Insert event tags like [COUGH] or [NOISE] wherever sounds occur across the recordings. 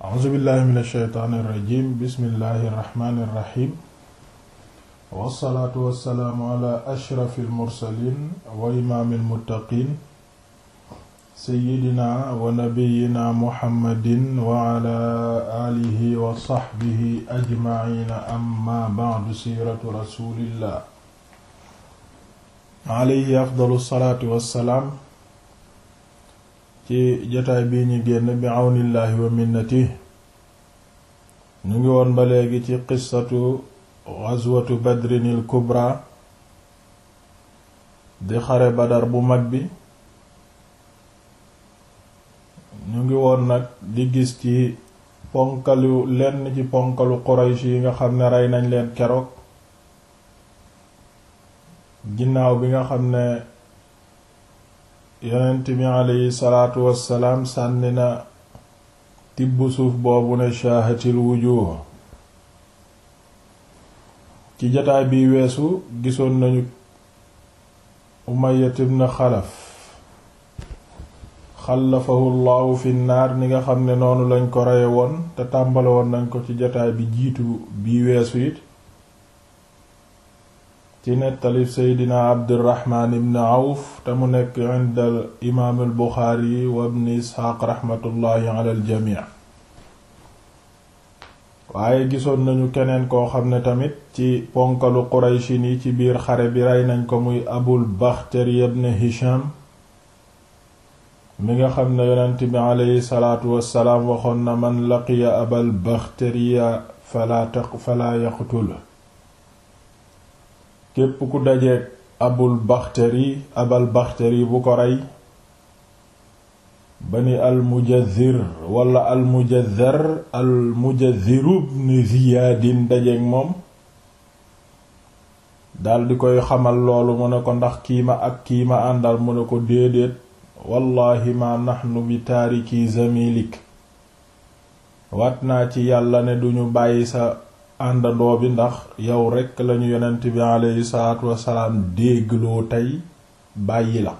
a'uuzu billahi mina shaytaani rajiim bismillahi rahmaani rahiim wassalaatu wassalaamu ala ashrafil mursaliin wa imaamil muttaqiin sayyidina wa nabiyyina muhammadin wa ala alihi wa sahbihi ajma'iina amma ba'du siiratu rasuulillah alayhi afdalu salaatu wassalaam ci jotaay bii ñu génn bi àwnillaahi wa minnati ñu ngi woon ba léegi ci qissatu ghazwatu badrinil kubra di xare badar bu mag bi ñu ngi woon nag di gis ci ponkalu lenn ci ponkalu Quraysh yi nga xam ne rey nañ leen keroog ginnaaw bi nga xam ne yonent bi aleyhi salaatu wassalaam sànni na tibb suuf boobu ne shaahatil wujuh ci jataay biy weesu gisoon nañu umayyat ibn xalaf xalafahu llahu fi naar ni nga xam ne noonu lañ ko reye woon te tàmbale woon nañ ko ci jataay bi jiitu biy weesu it ci nettali seydina abdirahmaan ibn awf te mu nekk inda al imaam al buxaari wa ibn isxaaq raxmatullaahi al jamii waaye gisoon nañu keneen koo xam ne tamit ci ponkalu quraychin yi ci biir xare bi rey nañ ko muy abul baxtari ibn hisham mi nga xam ne yonent bi waxoon na man laqiya abal baxtariya fala taq fala képp ku dajeeg abul baxtari abal baxtari bu ko rey bani al mujazir wala al mujazar al mujaziru ibn ziyaadin dajeeg moom daldi koy xamal loolu mu ne ko ndax kiima ak kiima àndal mu ne ko déedéet wallahi ma nahnu bi taariki zamilik wat naa ci yàlla ne duñu bàyyi sa àndandoo bi ndax yow rekk lañu yonent bi aleyhi salaatu wasalaam déggloo tey bàyyi la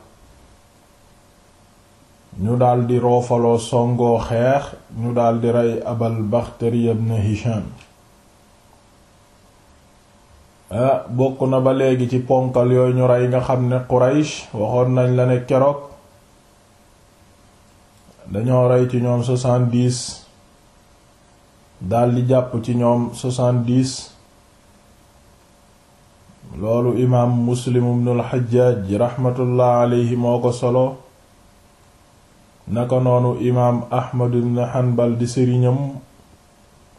ñu daldi roofaloo songoo xeex ñu daldi rey abal baxtari ibn hisham ah, bokk na ba léegi ci ponkal yooyu ñu rey nga xam ne quraysh waxoon nañ la ne keroog dañoo rey ci ñoom daldi jàpp ci ñoom soixante-dix loolu imaam muslim ibnul xajjaaj raxmatullah moo ko solo naka noonu imaam ahmad ibn hanbal di sëriñam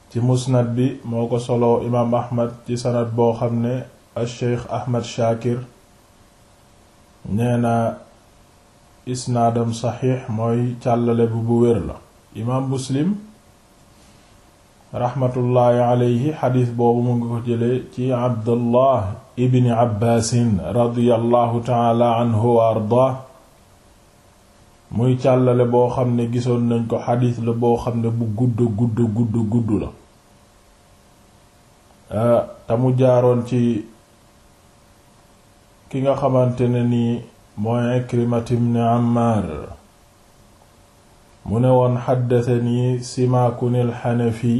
ci musnad bi moo ko solo imaam ahmad ci sanad boo xam ne al sheikh ahmad shaakir nee isnaadam saxiix mooy càllale bu bu wér la imaam muslim raxmatullaahi alayhi xadiis boobu mu ngi ko jëlee ci abdullah ibni abbaasin radiyallahu taala anhu wa ardaa muy càllale boo xam ne gisoon nañ ko xadiis la boo xam ne bu gudd gudd gudd gudd la ah, te mu jaaroon ci ki nga xamante ne nii mooy Ikrimatu ibn Ammaar mu ne woon xaddatani simaakun alxanafi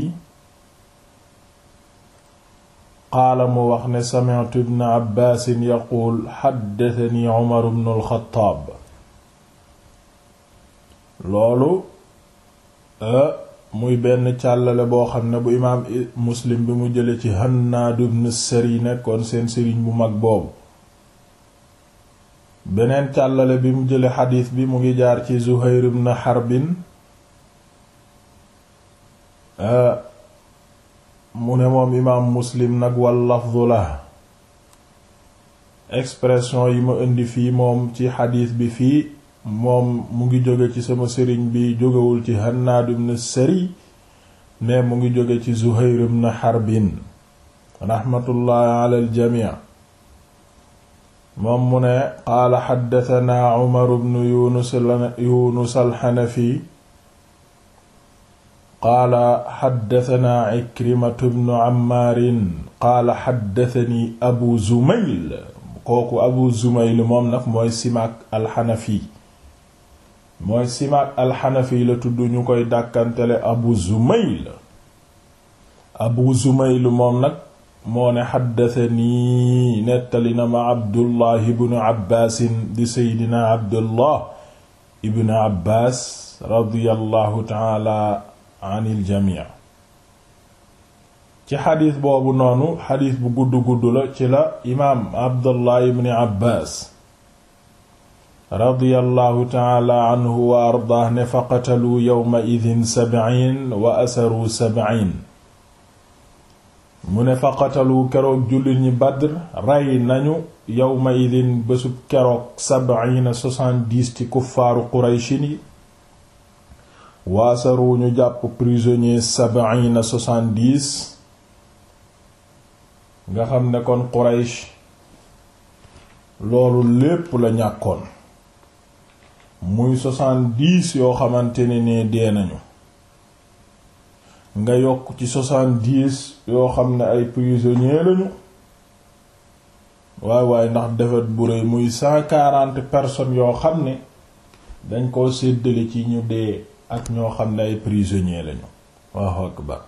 qaala mu wax ne sami'tu ibn abbaasin yaquul xaddatani umar ibn alxattaab loolu eh, muy benn càllale boo xam ne bu imaam muslim bi mu jële ci hannaadu ibn sari nekkoon seen sëriñ bu mag boobu beneen càllale bi mu jëlee xadiis bi mu ngi jaar ci Zuhayr na Harbin eh, mu ne moom imaam Muslim nag wal lafdu la expression yi ma indi fii moom ci xadiis bi fii moom mu ngi jóge ci sama sëriñ bi jógewul ci Hannaad ibn Sari mais mu ngi jóge ci Zuhayr na Harbin raxmatullaahi alal jamii moom mu ne qaala xaddatanaa umaru bnu yunus yunus alxanafi qaala xaddatanaa ikrimatu bnu ammaarin qaala xaddatani abu zumayl kooku abu zumayl moom nag mooy simaak alxanafi mooy simaak alxanafi la tudd ñu koy dàkkantele abu zumayl abu zumayl moom nag moo ne xaddatanii nettali na ma abdullah ibnu abbaasin di seydina abdullah ibnu abbaas radiyallahu taala anil jamii ci xadiis boobu noonu xadiis bu gudd gudd la ci la imaam abdullah ibnu abbaas radiyallahu taala anhu wa ardaah ne faqatalu yawma idin sab'iin wa asaru sab'iin mu ne faqatalu keroog jullit ñi Badr rey nañu yawma idin bésub keroog sabiina soixante-dix ci kuffaaru Qurayshin yi waasaru ñu jàpp prisonnier sabiina soixante-dix nga xam ne kon Quraysh loolu lépp la ñàkkoon muy soixante-dix yoo xamante ne ne dee nañu nga yokk ci soixante-dix yoo xam ne ay prisonniers lañu waay waaye ndax defet bu rëy muy cent quarante personnes yoo xam ne dañ koo séddale ci ñu dee ak ñoo xam ne ay prisonniers lañu waaw akbar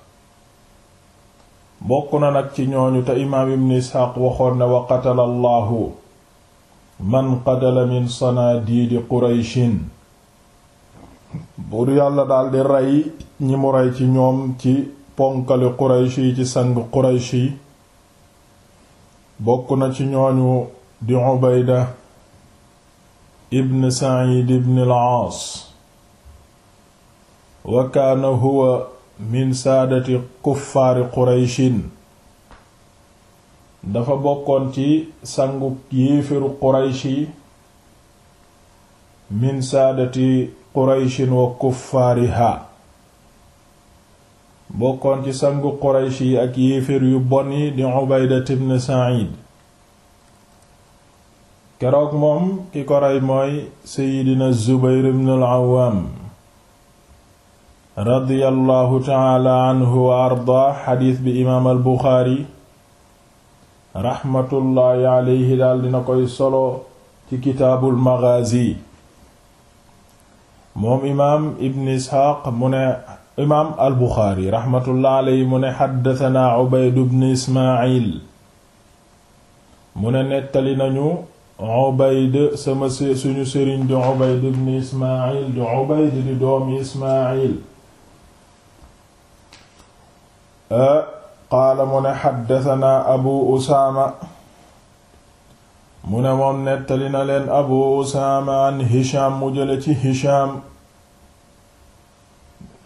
bokk na nag ci ñooñu te imaam ibn Isxaaq waxoon ne wa qatala allahu man qatala min sanadiidi qurayshin buur yàlla daldi rey ñi mu rey ci ñoom ci ponkali Quraysh yi ci sang Quraysh yi bokk na ci ñooñu di Ubayda ibn Sa'id ibn al wa kaana huwa min saadati kuffaari Qurayshin dafa bokkoon ci sangu yéefiru Quraysh yi min saadati bokkoon ci sangu quraysh ak yéefér yu bon yi di ubaydat ibn sa'id keroog moom ki ko rey mooy seydina zubayr ibn al-awwam radiyallahu taala anhu wa arda xadiis bi imaam al buxaari raxmatullaahi aleyhi daal dina koy solo ci kitaabul magaazi moom imaam ibn isxaaq mu ne imaam al buxaari raxmatullah aley mu ne xaddatanaa ubaydu bn ismail mu ne nettali nañu ubayd sama suñu sëriñ di ubayd bn ismail di ubayd di doomi ismail euh, qaala mu ne xaddatanaa abu usaama mu ne moom nettali na leen abu usaama an hisham mu jële ci hisham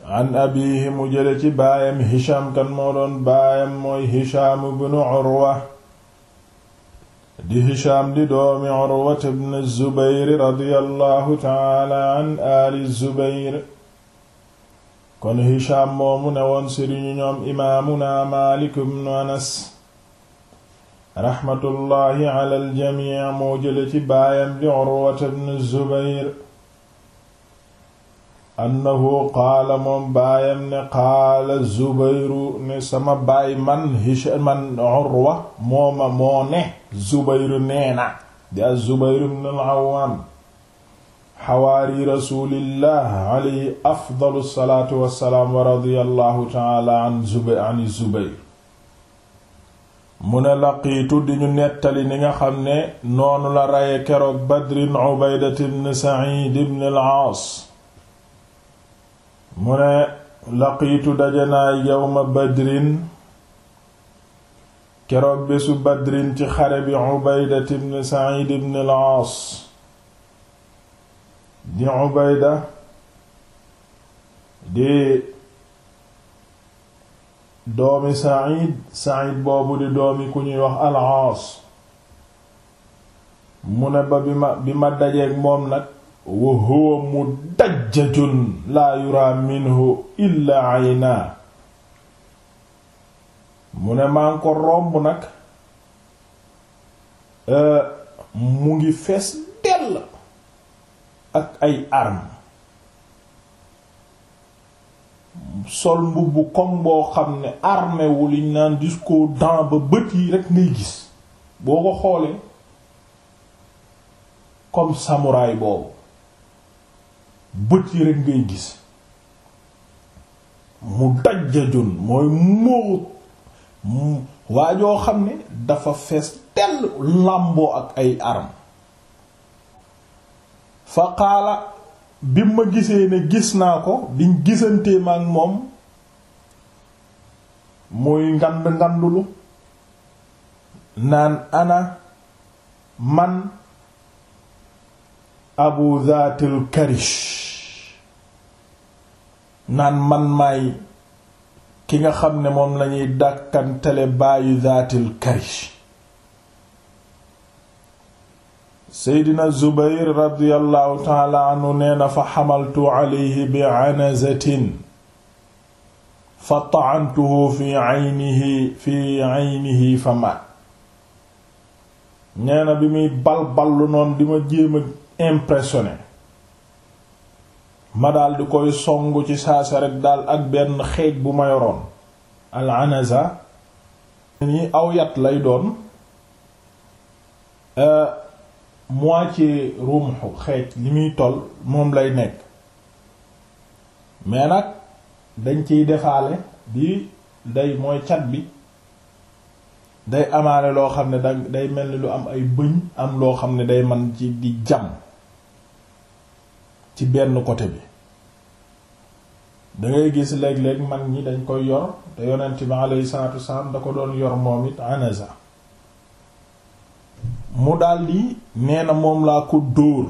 an abihi mu jële baayam hisham kan moo baayam mooy hisham ibnu urwa di hisham di doomi urwa ibn zubayr radiyallahu taala ali zubayr kon hisham moomu ne woon sëriñu ñoom imaamuna maalik ibnu anas raxmatullahi ala aljamic moo jële ci baayam di Urwata bnu Zubayr annahu qaala moom baayam ne qaala Zubayru ne sama baay man Hishaam man Urwa mooma moo ne Zubayru neena di a Zubayru bnu al-Awwaam xawaari rasulillah alayhi afdalu salaatu wassalaam wa radiyallahu taala an Zubayr an Zubayr mu ne laqiitu di nettali ni nga xam ne noonu la raye keroog badrin ubaydat ibn sa'id ibn al-aas mu ne laqiitu dajanaa yawma badrin keroog bésu badrin ci xare bi ubaydat ibn sa'id ibn al-aas di ubayda di doomi Saïd Saïd boobu di doomi ku ñuy wax al-Aas mu ne ba bi ma bi ma dajeeg moom nag wa huwa mudajjajun laa yura minhu illa ayna mu ne maa ngi ko romb nag euh, mu ngi fees dell ak ay armes sol mbubb comme boo xam ne armé wu liñ naan jusqu'aux dents ba bët yi rek ngay gis boo ko xoolee comme samouraay boobu bët yi rek ngay gis mu dajjajun mooy móoru waa joo xam ne dafa fees tell làmboo ak ay arme fa qaala bi ma gisee ne gis naa ko biñ gisantee ma moom muy ngand ngandulu naan ana man abu zaatil karish naan man maay ki nga xam ne moom lañuy dàkkantele baayu zaatil karish seydina zubayr radiyallahu taala anhu nee na fa xamaltu alayhi bi anazatin fa ta'antuhu fi aynihi fi aynihi fa mat nee bi muy balballu noonu di ma jéem a ma daal di koy song ci saasa rek daal ak benn xeej bu ma yoroon al anaza ni awyat lay doon euh, moitié rumxu xeej li muy toll moom lay nekk mais nag dañ ciy defaale di day mooy cat bi day amaale loo xam ne day mel ni lu am ay bëñ am loo xam ne day man ci di jam ci benn côté bi dangay gis leg léeg mag ñi dañ koy yor te yonent bi alayhi salaatu wasalaam da ko doon yor moom it anaza mu daldi nee na moom laa ko dóor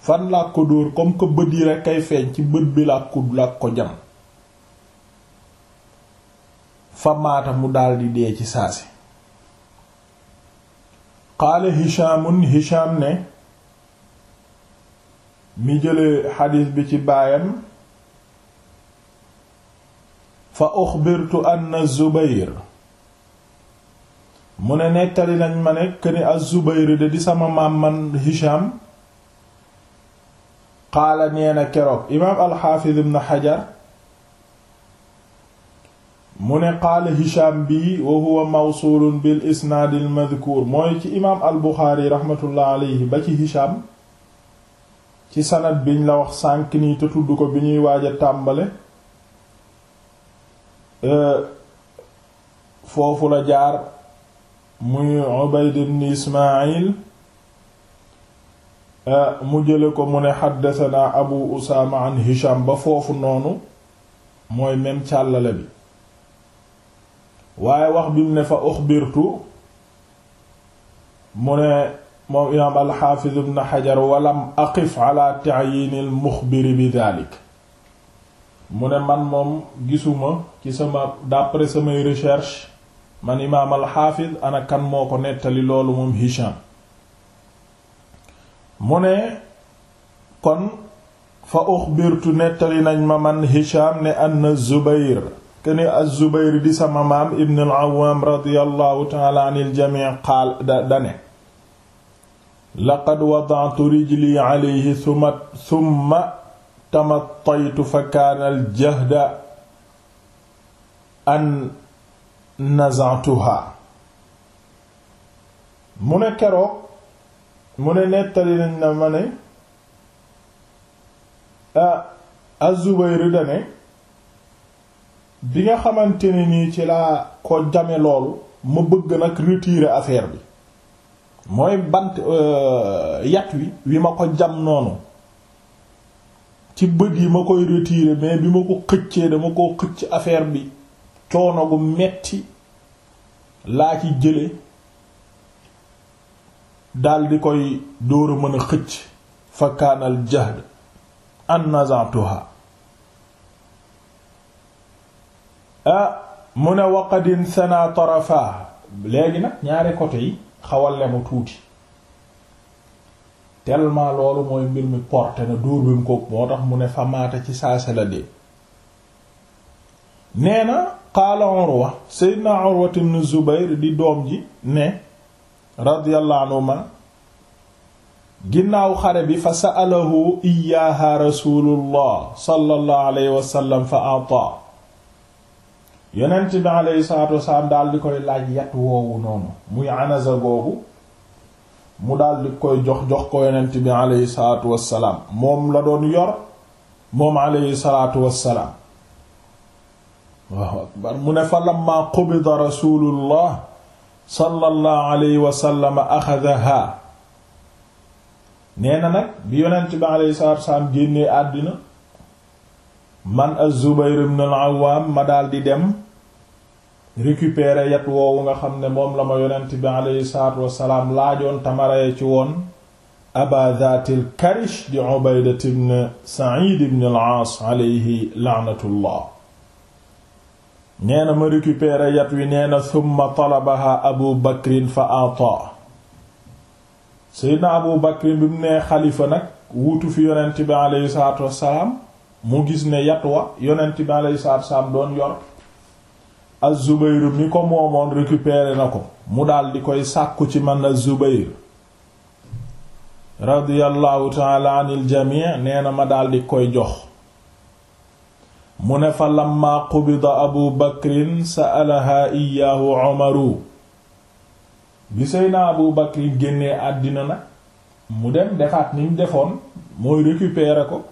fan laa ko dóor comme que bët yi rekk kay feeñ ci bët bi laa ko laa ko jam fa maata mu daldi dee ci saasi qaala hishaamun hishaam ne mi jële xadiis bi ci baayam fa uxbirtu anna zubayr mu ne nettali nañ ma ne këni az-Zubayr de di sama maam man Hisham qaala nee na keroog imaam al-Hafiz ibn mu ne qaala Hisham bi wa huwa mawsulun bil isnaad al-madhkuur mooy ci imaam al-Buxaari rahmatullah ba ci Hisham ci sanad biñ la wax sànk nii te tudd ko bi ñuy waaj a tàmbale euh, foofu la jaar muy Ubayd ibn Ismaayil eh, mu jële ko mu ne xaddasanaa Abu Usaama an Hisham ba foofu noonu mooy même càllale bi waaye wax bi mu ne fa uxbirtu mu ne moom imaam alxaafiz ibn Hajar walam aqif ala ta'yinil muxbiri bi daalik mu ne man moom gisuma ci sama d'après samay recherche man imaam alxaafiz ana kan moo ko nettali loolu moom Hisham mu ne kon fa uxbirtu nettali nañ ma man Hisham ne anna Zubayr kene az-Zubayr di sama maam ibn al-Awwam radiyallahu ta'ala anil jami' qaal da dane laqad wada'tu rijli alayhi thumma thumma fa kaana al-jahda an nazantuha mu ne keroog mu ne nettali na ma ne ah azubayru dane bi nga xamante ne nii ci laa ko jame loolu ma bëgg nag retirer affaire bi mooy bant euh, yat wi wi ma ko jam noonu ci bët yi ma koy retirer mais bi ma ko xëccee dama koo xëcc affaire bi coono gu metti laa ci jële daldi koy dóora mën a xëcc fa kaanal jahd an nazatuha ah mu ne waqadin sana tarafa léegi nag ñaari côté yi xawal lemu tuuti tellement loolu mooy mbir mi porte na dóor bi mu ko moo tax mu ne fa maata ci saase la nee na qaala Urwa Seydina Urwa ibn Zubayr di doom ji ne radiyallahu anhuma ginnaaw xare bi fa sa'alahu iyaaha rasulullah sallallahu alayhi wa sallam fa ata yonent bi alayhi salaatu koy laaj yat woowu noonu muy anaza googu mu daldi di koy jox jox ko yonent bi alayhi salaatu wasalaam moom la doon yor moom alayhi salaatu wasalaam waaw akbar mu ne fa lamma qubida rasulullah sallallahu alayhi wa sallam nee na nag bi yonent bi salaam génnee àddina man az-Zubayr ibn al-Awwam ma daal di dem récupérer yat woowu nga xam ne moom la ma yonent bi alayhi salaatu wa salaam laajoon tamaree ci woon aba dhaatil karish di Ubayda ibn Sa'id ibn al-Aas alayhi la'natullah nee na ma récupéré yat wi nee na summa talabaha abu bakrin fa ata seydna abu bakrin bi mu nee xalifa nag wuutu fi yonent bi aleyhi mu gis ne yat wa yonent bi aleyhi salaatu doon yor az-Zubayr mi ko moomoon récupéré na ko mu daldi koy sàkku ci man az-Zubayr radiyallahu taala anil jamii nee na ma daldi koy jox mu ne fa lamma qubida abu bakrin sa'alaha iyaahu omaru bi seyna abu bakrin génnee àddina nag mu dem defaat ni mu defoon mooy récupérer ko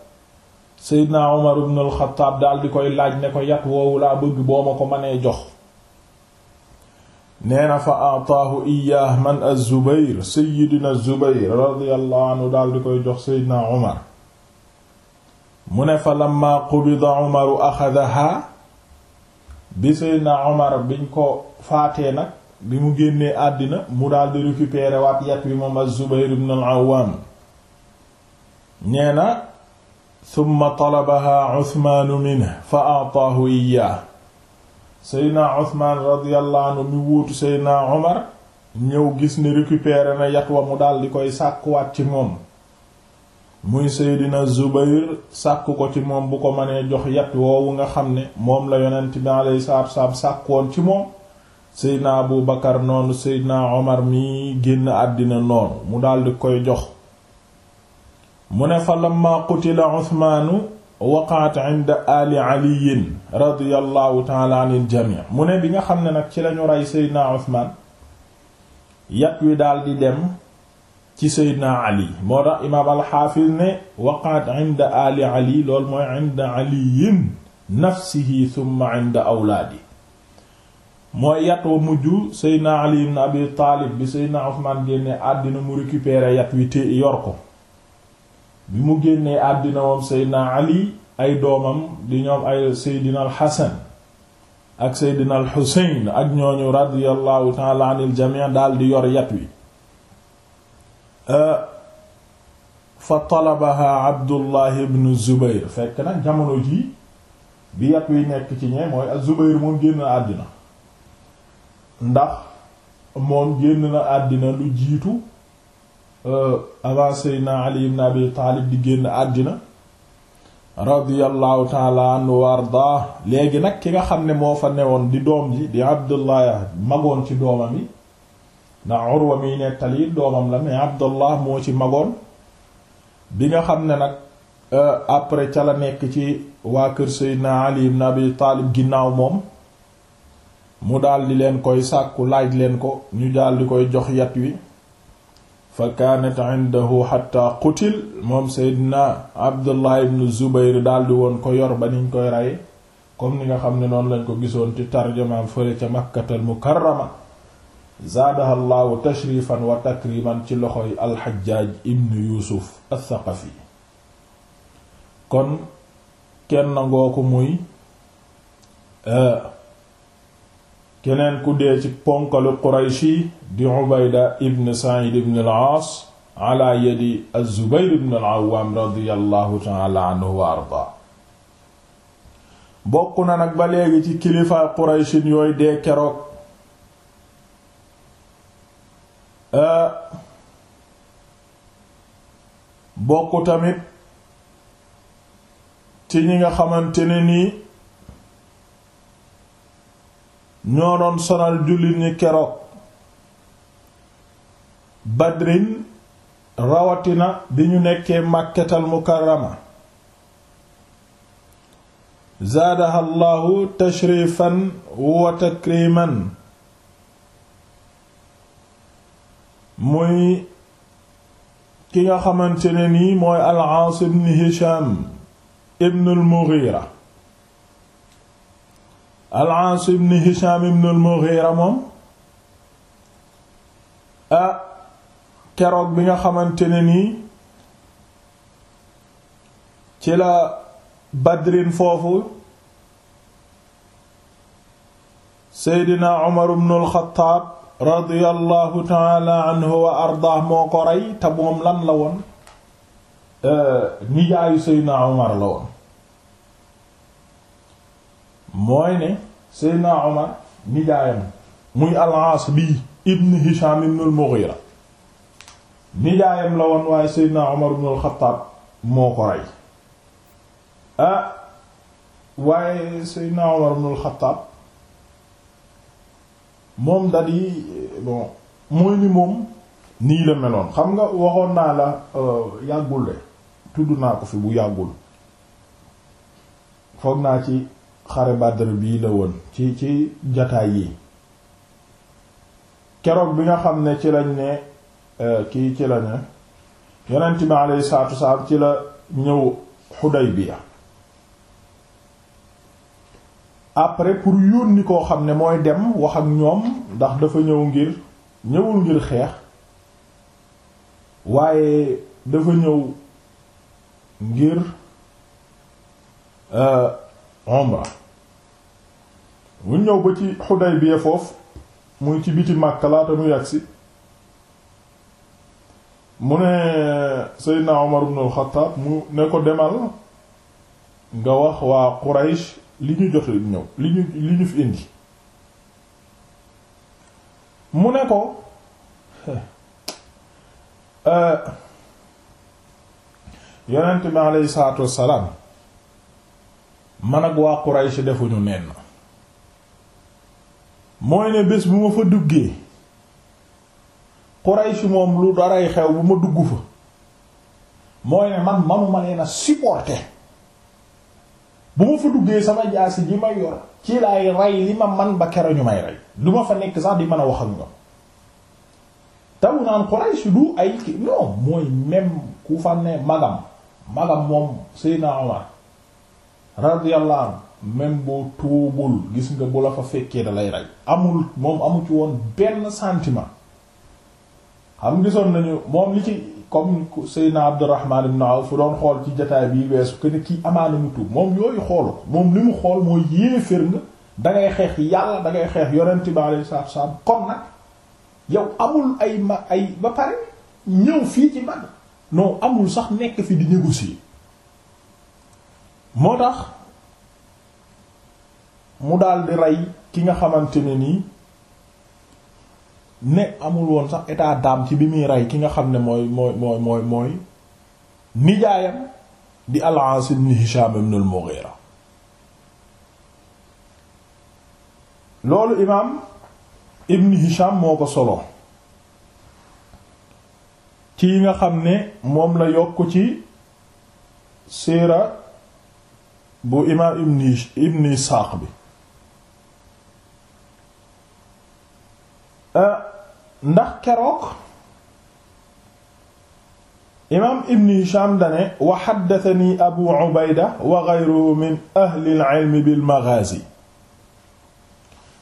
seydna omar ibn al-Khattab di koy laaj ne ko yat woowu laa bëgg boo ma ko mënee jox nee na fa ataahu iyaah man az-Zubayr seydina Zubayr radiyallahu anhu daal di koy jox seydna omar mu ne fa lamma qubida umaru axadaha bi seydna umar biñ ko faatee nag bi mu génnee àddina mu daldi récupérer waat yat bi moom az-Zubayr ibn al nee na summa talabaha Usmaanu minhu fa a'taahu iyyaa seydna Usmaan radiyallahu anhu mi wuutu seydna Umar ñëw gis ne récupérer na yat wa mu daldi koy sàkkuwaat ci moom muy seydina zubayr sàkk ko ci moom bu ko mënee jox yat woowu nga xam ne moom la yonent bi alayhi salaatu salaam sàkkoon ci moom seydina abu bakar noonu seydina omar mi génn àddina noonu mu daldi koy jox mu ne fa lamma qutila uthmaanu waqaat inda ali aliyin radiyallahu taala anil jami mu ne bi nga xam ne nag ci lañu rey seydina uthmaan yat wi daldi dem ci seydna ali moo tax imaam alxaafiz ne waqaat inda ali ali loolu mooy inda aliyin wa mujj seydna ali ibn taalib bi seydna usmaan génne àddina mu récupérer yat wi te yor ko bi mu génnee àddina moom seydna ali ay doomam di ñoom ay seydna alxasan ak seydna alxuseyn ak ñooñu radiyallahu taala anil jamii daal di yor yat wi Euh, fa talabaha abdullah ibn zubair fekk na jamono jii bi yat wi nekk ci ñee mooy ak zubair moom génn na àddina ndax moom génn na àddina lu jiitu euh, avant seydna ali ibn abi taalib di génn àddina radiyallahu taala anhu wa léegi nag ki nga xam ne moo fa newoon di doom ji di abdullah magoon ci doomam yi ndax Urwa miy nettali doomam la mais Abdullah moo ci magoon bi nga xam ne nag euh, après ca la nekk ci waa kër Seydina Ali ibn Abi Taalib ginnaaw moom mu daldi leen koy sàkku laaj leen ko ñu daldi koy jox yat wi fa kaanat indahu xatta qutil moom Seydina Abdullah ibn Zubayr daldi woon ko yor ba niñ koy rey comme ni nga xam ne noonu lañ ko gisoon ci tarjamaam fële ca Makkatal Mukarrama zaadaha llahu tashrifan wa takriman ci loxoy alxajjaaj ibnu yusuf althaqafi kon kenn ngoo ko muy eh, keneen ku dee ci ponkalu qurayshi di ubayda ibn said ibn al-aas yadi az-zubayr ibn al-awwam radiyallahu wa arda bokk na nag ba léegi ci kilifa qurayshin yooyu dee keroog Euh, bokk tamit ci ñi nga xamante nii ñoo doon sonal jullit ñi keroog badrin rawatina bi ñu nekkee màkketal mukarrama zaadaha allahu tashrifan wa takriman muy ki nga xamante ne nii mooy al-Aas ibn Hisham ibn al-Mughira al-Aas Hisham ibn al-Mughira moom ah keroog bi nga xamante ne nii ci la Badrin foofu Seydina Umar ibn al-Khattab radiyallahu taala anhu wa ardaah moo ko rey te moom lan la woon euh, nijaayu seydna omar la woon mooy ne seydna omar nijaayam muy al-Aas bi ibn hisham ibn al-Mughira nijaayam la woon waaye seydna omar ibn al-Khattab moo ko rey ah, waaye seydna omar ibn al-Khattab moom da di bon mooy ni moom nii la meloon xam nga waxoon naa la euh, yàggul de tudd naa ko fi bu yàggul foog naa ci xare Badr bii la woon ci ci jataay yi keroog bi nga xam ne ci lañ ne euh, kii ci la ne yonent bi alayhi salaatu ci la ñëw Xudaybiya après pour yónni koo xam ne mooy dem wax ak ñoom ndax dafa ñëw ngir ñëwul ngir xeex waaye dafa ñëw ngir euh, umra mu ñëw ba ci Xudaybiya foofu muy ci biti Makka laata mu yàgsi mu ne Seydina Umar ibn al-Khattab mu ne ko demal nga wax waa Quraysh li ñu jote ñëw li ñu li ñu fi indi mu ne ko [LAUGHS] euh, yonent bi alayhi salaatu wassalaam man ak waa Quraysh defuñu nenn mooy ne bés bu ma fa duggee Quraysh moom lu daray xew bu ma dugg fa mooy ne man manuma leen a supporter bu ma fa duggee sama jaasi ji ma yor ci laay rey li ma man ba kero ñu may rey du ma fa nekk sax di mën a wax ak ñoom taw naan Quraysh du ay ki non mooy même ku fa ne magam magam moom Seydina Omar radiyallahu anhu même boo tuubul gis la fa amul moom amu ci woon benn sentiment xam gisoon nañu moom li ci comme Seydina Abdurrahman ibn Awf doon xool ci jataay bi weesu que ne kii amaana mu tuub moom yooyu xoolu moom li mu xool mooy yéefér nga da xeex yàlla dangay xeex yonent bi alayhi salaatu wasallam kon nag yow amul ay ma ay ba pare ñëw fii ci man non amul sax nekk fi di négocier moo tax mu daal di rey ki nga xamante ne nii ne amul woon sax état d'âme ci bi muy rey ki nga xam ne mooy mooy mooy mooy mooy nijaayam di al-Aas ibn Hisham ibn loolu imaam ibn Hisham moo ko solo ci yi nga xam ne moom la yokk ci siira bu imaam ibn Ibn Isaaq bi Euh, ndax keroog imaam ibn Hisham dane wa abu ubayda wa ghayruhu min ahli al-ilm bil maghazi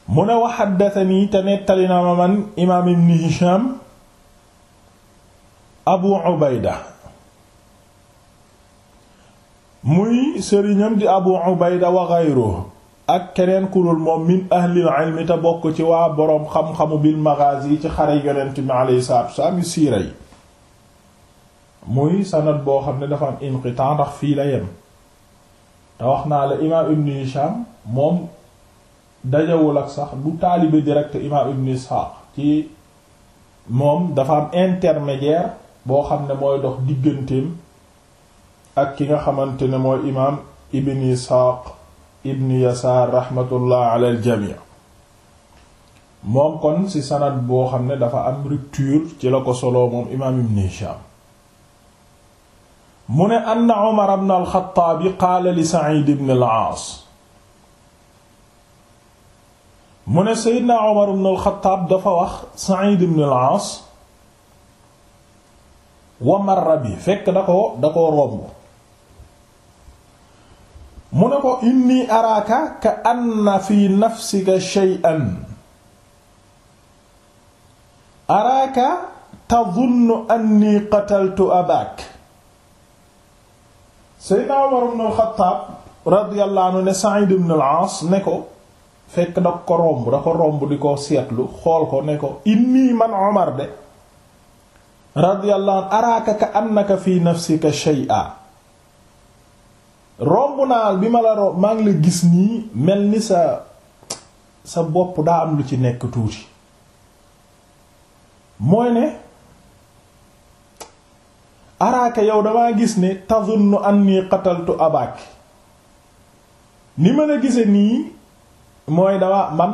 mu ne wa te nettali na ma man imaam ibn Hisham abu ubayda muy sëriñam di abu ubayda wa ghayruhu ak keneen ku moom min ahlil ilmi te bokk ci waa boroom xam-xamu bil maghazi yi ci xare yonent mi alayhi salaatu wassalaam siira yi muy sanad boo xam ne dafa am inqitaa ndax fii la yem te wax naa la imaam ibn Hisham moom ak sax du taalibe direct imaam ibn Ishaq ci moom dafa am intermédiaire boo xam ne mooy dox digganteem ak ki nga xamante ne mooy imaam ibn Ishaq ibn yasaar raxmatullah ala al boo xam ne dafa am ci la ko soloo moom imaam ibn hisham mu ne anna umar ibn al xattaab li sa'id ibn al aas mu ne seydna omar ibn alxataab dafa wax said ibn al-aas wa marra bi fekk da ko romb mu ne ko inni araaka ka anna fi nafsika shay'an araaka tadunnu anni qataltu abaak seydna Umar ibn al-Xattaab radiyallahu ne Sa'id ibn al-Aas ne ko fekk da ko romb da ko romb di ko seetlu xool ko ne ko inni man Umar de radiyallahu anhu araaka ka annaka fi nafsika shay'an romb naal bi ma la romb maa ngi la gis nii mel ni sa sa bopp daa am lu ci nekk tuuti mooy ne araaka yow damaa gis ne tazunnu anni qataltu abaak ni ma la gise nii mooy dama man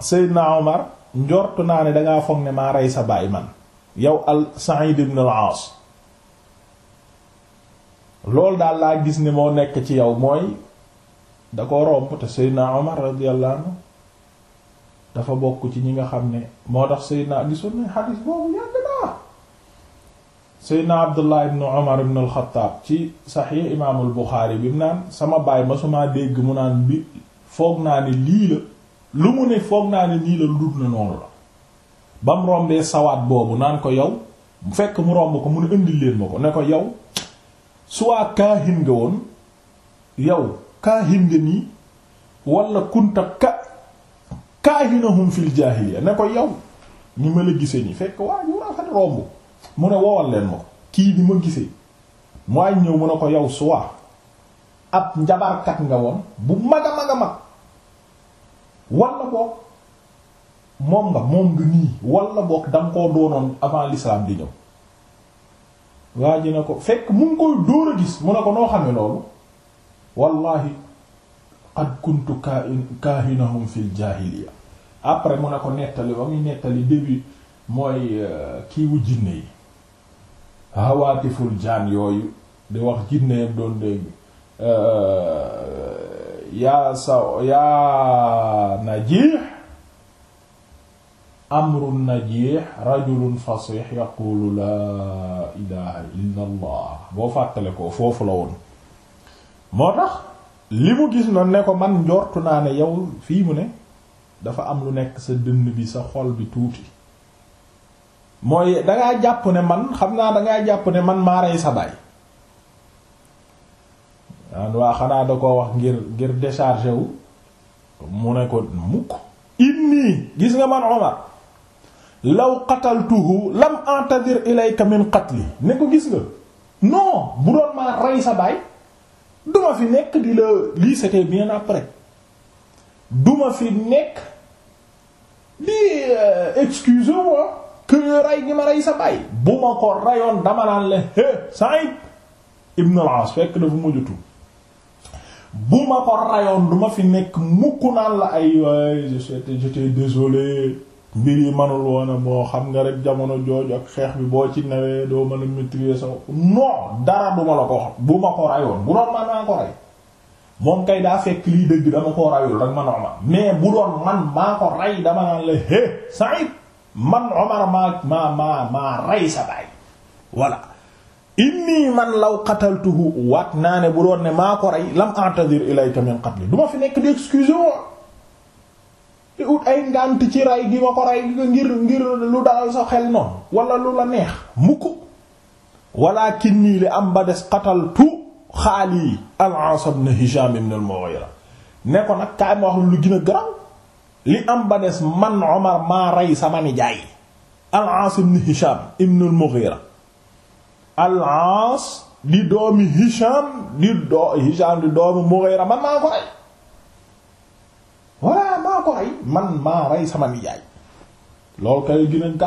Seydina Omar njort naa ne dangaa foog ne maa rey sa baay man yow al Sa'id ibn al-Aas loolu daal laa gis ni moo nekk ci yow mooy da ko romb te Seydina Omar radiyallahu dafa bokk ci ñi nga xam ne moo tax Seydina gisoon nañ xadis boobu yàgg naa Seydina Abdullah ibn Omar ibn al-Khattab ci saxiix bi mu naan sama baay masuma dégg mu naan bi foog naa ne lii la lu mu ne foog naa ni nii la lu dut na noonu la ba mu rombee sawaat boobu naan ko yow fekk mu romb ko mu ne indil leen ma ko ne ko yow soit kaahin nga woon yow kaahin nga nii wala kunta ka kaahinahum fil jaahiliya ne ko yow ni ma la gisee nii fekk waa ñu rafet romb mu ne wowal leen ma ko kii bi ma gisee mooy ñëw mu ne ko yow soit ab njabarkat nga woon bu mag a mag a mag wala boog moom nga moom nga nii wala boog da nga koo doonoon avant l'islam di ñëw. waa ji na ko fekk mu ngi koy dóor a gis mu ne ko noo xamee loolu wallahi qad kuntu kaahinahum fil après mu ne ko nettali ba muy nettali début mooy euh, kiiwu jinne yi hawaatiful jaan yooyu di wax jinne doon dégg euh, yaa sa yaa najiix amru najiix rajulun fasix yaqulu laa ilaha illa allah boo fàttale ko foofu la woon moo tax li mu gis na ne ko man njortu naa ne yow fii mu ne dafa am lu nekk sa dënn bi sa xol bi tuuti mooy dangaa jàpp ne man xam naa dangaa jàpp ne man maa sa baay waan xanaa da koo wax ngir ngir décharger wu mu ne ko mukk inni gis nga man Omar law qataltuhu lam antadir ilayka min qatli ne ko gis nga non bu doon maa rey sa baay duma fi nekk di la lii c'était bien après duma fi nekk di euh, excuse moi que rey gi ma rey sa baay bu ma ko reyoon dama naan la hé Saïd ibn al-As fekk dafa mujjutu bu ma ko reyoon duma fi nekk mukk naan la ay waay j'étais désolé mbir yi manul woona moo xam nga rek jamono jooju ak xeex bi boo ci newee doo mën a maîtriser sa non dara duma la ko wax bu ma ko rayoon bu doon man maa ko rey moom kay daa fekk lii dëgg dama ko rayul rek man Omar mais bu man maa ko rey naan la hé Saïd maa rey sa baay voilà inni man law qataltuhu waat naa ne bu doon ne maa ko rey lam a'tazir ilayka min qatli duma fi nekk di excuse di ut ay ngànt ci rey gi ma ko rey ngir ngir lu dalal sa xel noonu wala lu la neex mukk wala kin nii li am ba des qataltu xaali al-Aas ibn Hisham Hisham ibn mughira al di doomi Hisham di doomi Mughira man maa ko rey maa ko rey sama nijaay loolu kay ginañ [LAUGHS]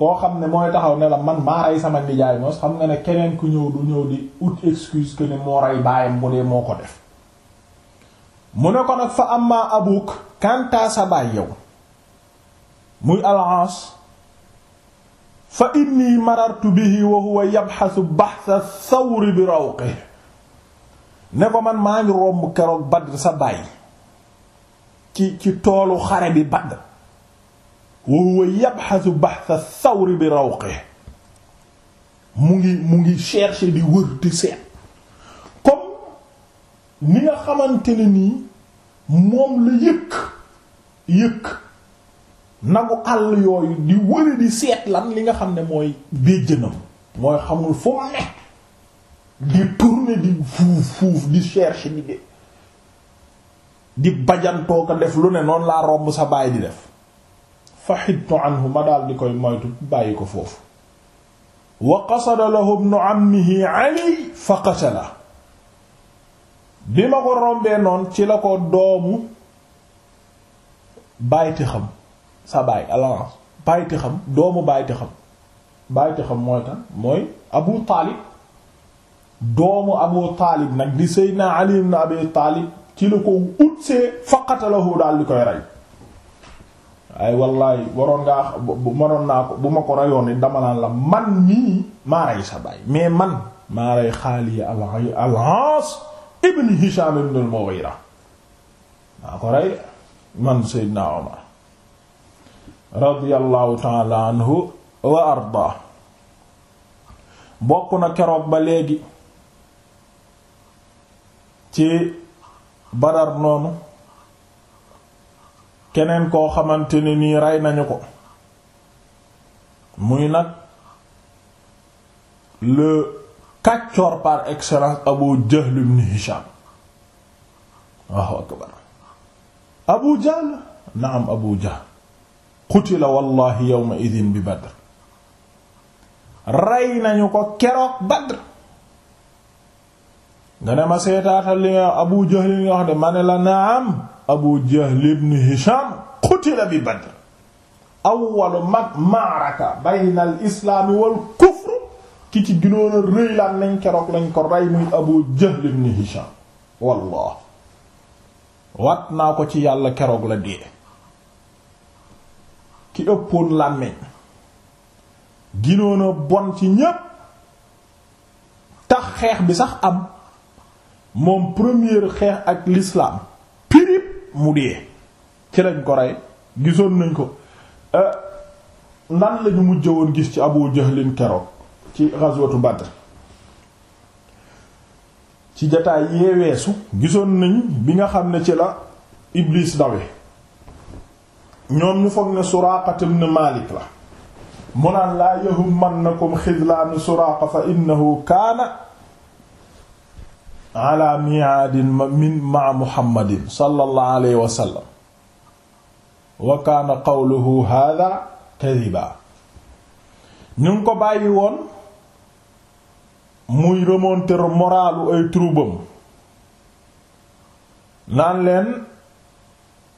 koo xam ne mooy taxaw ne la man maa rey sama nijaay mos xam nga ne keneen ku ñëw du ñëw moo ko def mu ne ko nag fa amma abuk kanta sa baay yow muy alance fa inni marartu bihi wa huwa yabxasu baxsa sawri bi rawqi ne ko man maa ngi romb keroog Badr sa baay ci toolu xare bi Badr wa huwa yabhasu bahsa sawri bi rawqi mu ngi mu ngi chercher di wër di seet comme ni nga xamante ne nii moom la yëkk yëkk nagu àll yooyu di wër di seet lan li nga xam ne mooy béjjënam mooy xamul fu mu di tourner di fuuf fuuf di chercher di di bajantoo ko def lu ne noonu laa romb sa baay di def faxittu anhu ma daal di koy moytu bàyyi ko foofu wa qasada lahu ibnu ammihi ali fa qatala bi ma ko rombee noon ci la ko doomu bàyti xam sa baay alance bàyti xam doomu bàyti xam bàyti xam mooy mooy abu taalib doomu abu taalib nag di seydna ali ibn abi taalib ci la ko utsee faqatalahu daal di koy rey ay wallaay waroon ngaa bu bu ma ko reyoon ni dama naan man mii maa rey sa baay mais maa rey xaali al ibn Hisham ibn al-Mughira maa ko rey man Seydina Omar radiyallahu ta'ala anhu wa ardaa bokk na keroog ba léegi ci Badar noonu keneen koo xamante ne nii rey nañu ko muy nag le kàccoor par excellence Abu Jahl ibn Hisham Abu Jahl naam Abu Jahl qutila wallahi yawma bi Badr rey nañu ko keroog Badr nga ne ma seetaatal li nga abu jahl wax de ma ne la naam abu jahl ibn hisham qutila bi badr awwalu mag maaraka bayna al kufr ki ci ginoon a rëy laan nañ keroog lañ ko rey muy abu jahl hisham wallah wat naa ko ci yàlla keroog la dee ki ëppoon làmmeñ ginoon bon ci ñépp tax xeex bi sax am moom premier xeex ak lislaam pirip mu dee ci lañ ko rey gisoon nañ ko nan euh, lañu mujj woon gis ci Abu Jahlin keroog ci ghazwatu Badr ci jataay yee weesu gisoon nañu bi nga xam ne ci la Iblis dawe ñoom ñu foog ne Suraaqa ibn Maalik la mu naan laa yahummannakum xidlaanu Suraaqa fa innahu kaana ala mi'adin min ma muhammadin sallallahu alayhi wa wa kaana qawluhu hadha kadhiba ñu ngi ko bàyyi woon muy remonter moralu ay troubam naan leen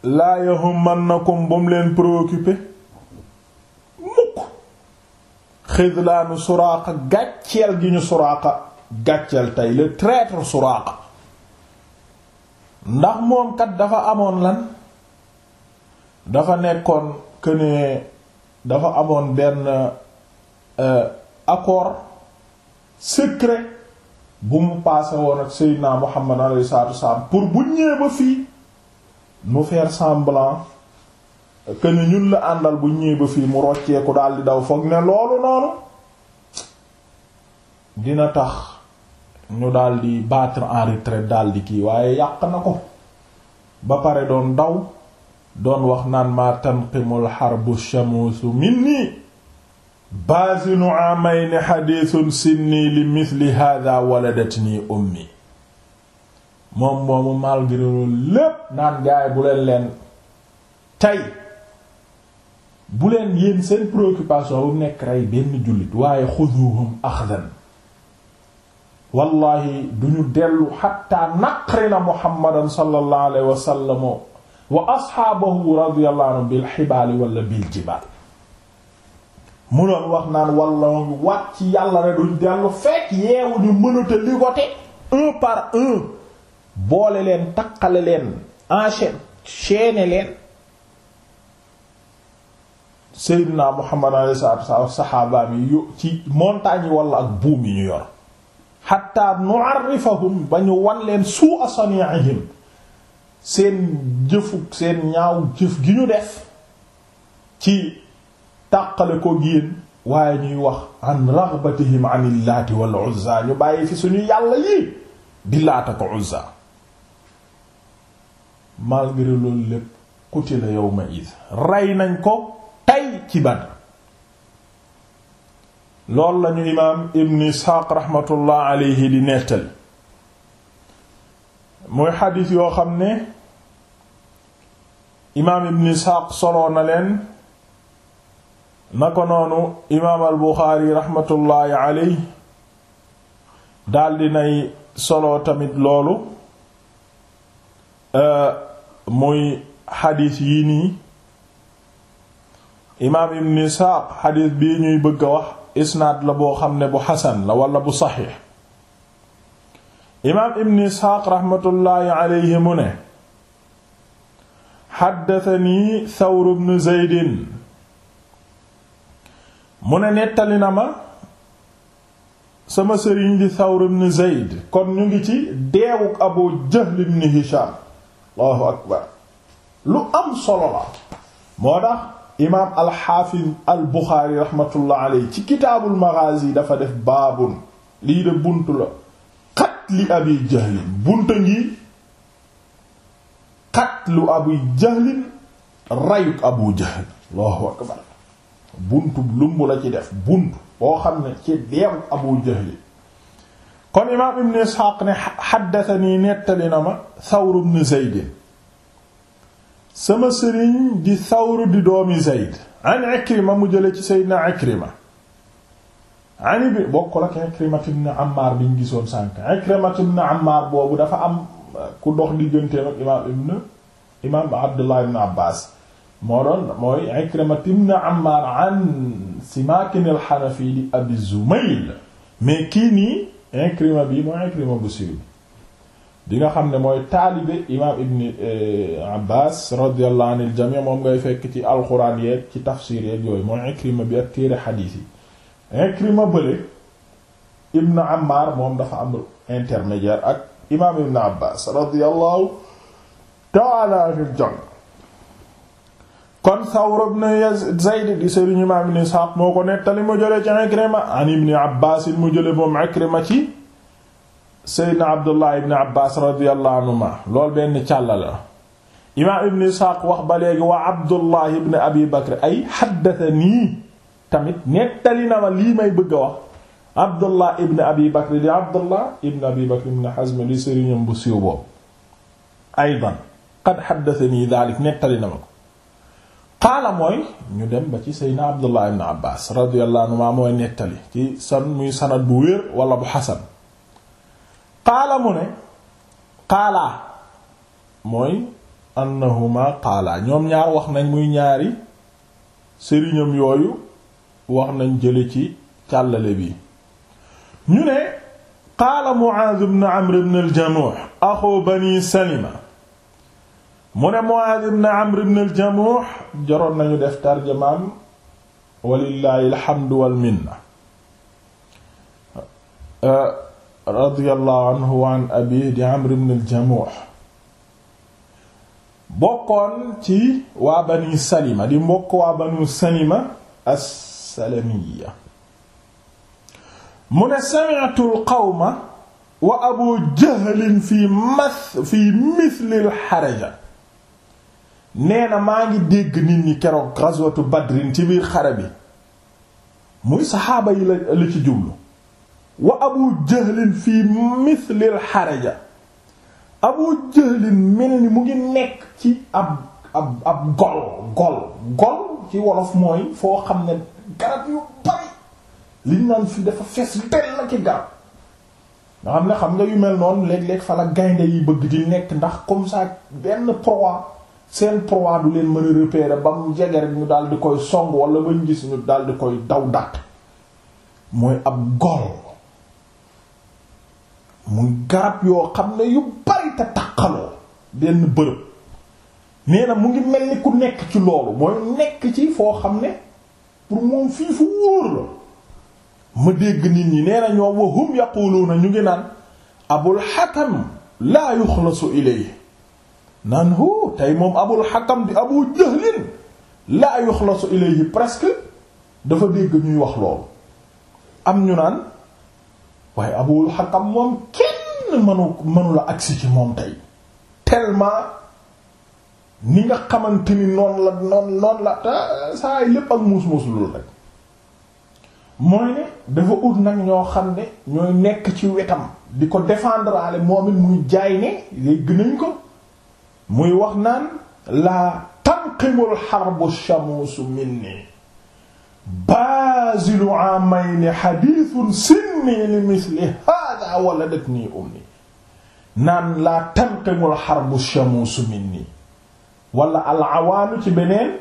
laa yahummannakum ba mu leen préoccupé mukk xidlaanu suraaqa gàcceel gi ñu suraaqa gàcceel tey le traître Suraaqa ndax moom kat dafa amoon lan dafa nekkoon que ne dafa amoon benn euh, accord secret bu mu passé woon ak Seydina Muhammad alayhi salaatu wasallam pour bu ñëwee ba fii mu faire semblant que ne la àndal bu ñëwee ba fii mu rocceeku daal di daw foog ne loolu noonu dina tax. ñu daal di battre en retraite daal kii waaye yàq na ko ba pare doon daw doon wax naan ma tanqimul xarbu shamusu minni baasinu amayni xadiisun sinni li misli hada waladatni ummi moom moomu malgré lépp naan gaay bu leen leen tey bu leen yéen seen préoccupation bu nekk rey benn jullit waaye xuduhum axdan wallahi duñu dellu xatta naqrina muhammadan sallallahu alayhi wa sallam wa asxaabahu radiyallahu anhu bil xibaali wala bil jibaal mu doon wax naan walla wax ci yàlla rek duñ dellu fekk yeewu ñu mënata ligote un par un boole leen taqale leen enchaîne chaîne leen Seydina Muhammad alayhi salaatu wa saxaabaam yi yu ci montagne yi wala ak buum yi ñu yor xatta nu'arrifahum ba ñu wan leen su'a seen jëfu seen ñaaw jëf gi ñu def ci tàqale ko génn waaye ñuy wax an raghbatihim an illaati wal uzza ñu bàyyi fi suñu yàlla yi di laata ko uzza malgré lépp qutila yawma id rey nañ ko tey ci ban loolu lañu imaam ibn isxaaq raxmatullah aleyhi di nettali muy xadis yoo xam ne imaam ibn isxaaq soloo na leen na ko noonu imaam al buxaari raxmatullaahi aley daldi nay solo tamit loolu euh, muy xadis yi nii imaam ibn isxaaq xadis bii ñuy bëgg a wax isnaad la boo xam ne bu xasan la wala bu saxiix imaam ibn isxaaq raxmatullaahi aleyhi mu ne nii thawr bnu zeydin mu ne nettali na ma sama sëriñ di thawr bnu zeyd kon ñu ngi ci deewuk abu jahl bnu hisham lu am solo la moo tax imaam alxaafiz al buxaari rahmatullah aley ci kitaabul maghazi dafa def baabun lii de bunt la qatli abi jahlin bunta ngi qatlu abi jahlin rayuk abu jahl allahu akbar buntu lumb la ci def bunt boo xam ne ci deewuk abu jahlin kon imaam ibn isxaaq ne xaddatani nettali na ma thawr ibn zaydin sama sëriñ di Thawr di doomi Zayd an Ikrima mu jële ci Seydina Ikrima ani bi bokkul ak Ikrima ibn Ammar bi ñu gisoon sànk Ikrima ibn Ammar boobu dafa am euh, ku ndox digganteem ak imaam ibn imaam Abdullah ibn Abbas moo doon mooy Ikrima ibn Ammar an Simakin al-Hanafi di Abi Zumayl mais kii nii Ikrima bi mooy Ikrima bu siiw di nga xam ne mooy taalibe imaam ibni eh, abbas radiyallahu anil jami moom ngay fekk ci alxuraan ci tafsir yeeg yooyu mooy ikrima bi ak téere xadiis yi bële ibn ammar moom dafa am intermédiaire ak imaam ibn abbas radiyallahu ta'ala anil jami kon Sawr ibn Zayd di sëriñ imaam ibn Isxaaq moo ko nettali mu jëlee ci Ikrima an ibn Abbaas mu jëlee moom Ikrima ci seydna abdullah ibni abbas radiallahu anhuma lool ay xaddata tamit nettali na ma lii may bëgg a wax abdullah ibn abi bakr abdullah ibn abi bakr ibn hazm li sëriñam bu siiw boobu aydan qad xaddatanii daalik nettali na ma ko qaala mooy ñu dem ba ci seydna abdullah ibn abbas radiallahu mooy nettali ci san muy sanad bu wér wala bu xasan qaala mu ne qaalaa mooy annahuma qaalaa ñoom ñaar wax nañ muy ñaari sëriñam yooyu wax nañ jële ci càllale bi ñu ne qaala Muaaz ibn Amr ibn al axu bani Salima mu ne Muaaz ibn Amr ibn al joroon nañu def tarjamaam walillaahi alhamdu wal minna radiyallahu anhu wa an di Amr ibn al bokkoon ci waa bani Salima di mbokk waa banu Salima as-Salamiyya mu ne sami'tu al wa Abu Jahl fi mas fi mithli al nee na maa ngi dégg nit ñi keroog ghazwatu Badrin ci biir xare bi muy saxaaba yi la ci jublu wa abu jahlin fii mislil xaraja abu jahlin mel ni mu ngi nekk ci ab ab ab gol gol gol ci wolof mooy foo xam ne garab yu bari liñ naan fi dafa fees del la ci garab nga xam ne xam nga yu mel noonu léeg-léeg fa la gaynde yi bëgg di nekk ndax comme ça benn proie seen proie du leen mën a repérer ba mu jege rek ñu daal di koy song wala bañ gis ñu daal di koy daw dàq mooy ab gol mu garab yoo xam ne yu bari te taqaloo benn bërëb nee na mu ngi mel ni ku nekk ci loolu mooy nekk ci foo xam ne pour moom fii fu wóor la ma dégg nit ñi nee na ñoo wa hum ñu ngi naan abul hakam laa yuxlasu ilayhi naan hu tey moom abul hakam di abu jahlin laa yuxlasu ilayhi presque dafa dégg ñuy wax loolu am ñu naan waaye abul xakam moom kenn manu manula agsi ci moom tey tellement ni nga xamante ni noonu la noon la te saa yi lépp ak muus-muus loolu rek mooy ne dafa ut nag ñoo xam ne ñooy nekk ci wetam di ko défendre ale moom it muy jaay ne léeg gënañ ko muy wax naan la tanqimul xarbu shamusu minni basilu amayni xadiisun sinni li misli hada waladatni ummi naan laa tanqimul xarbu shamuusu minni wala alawaanu ci beneen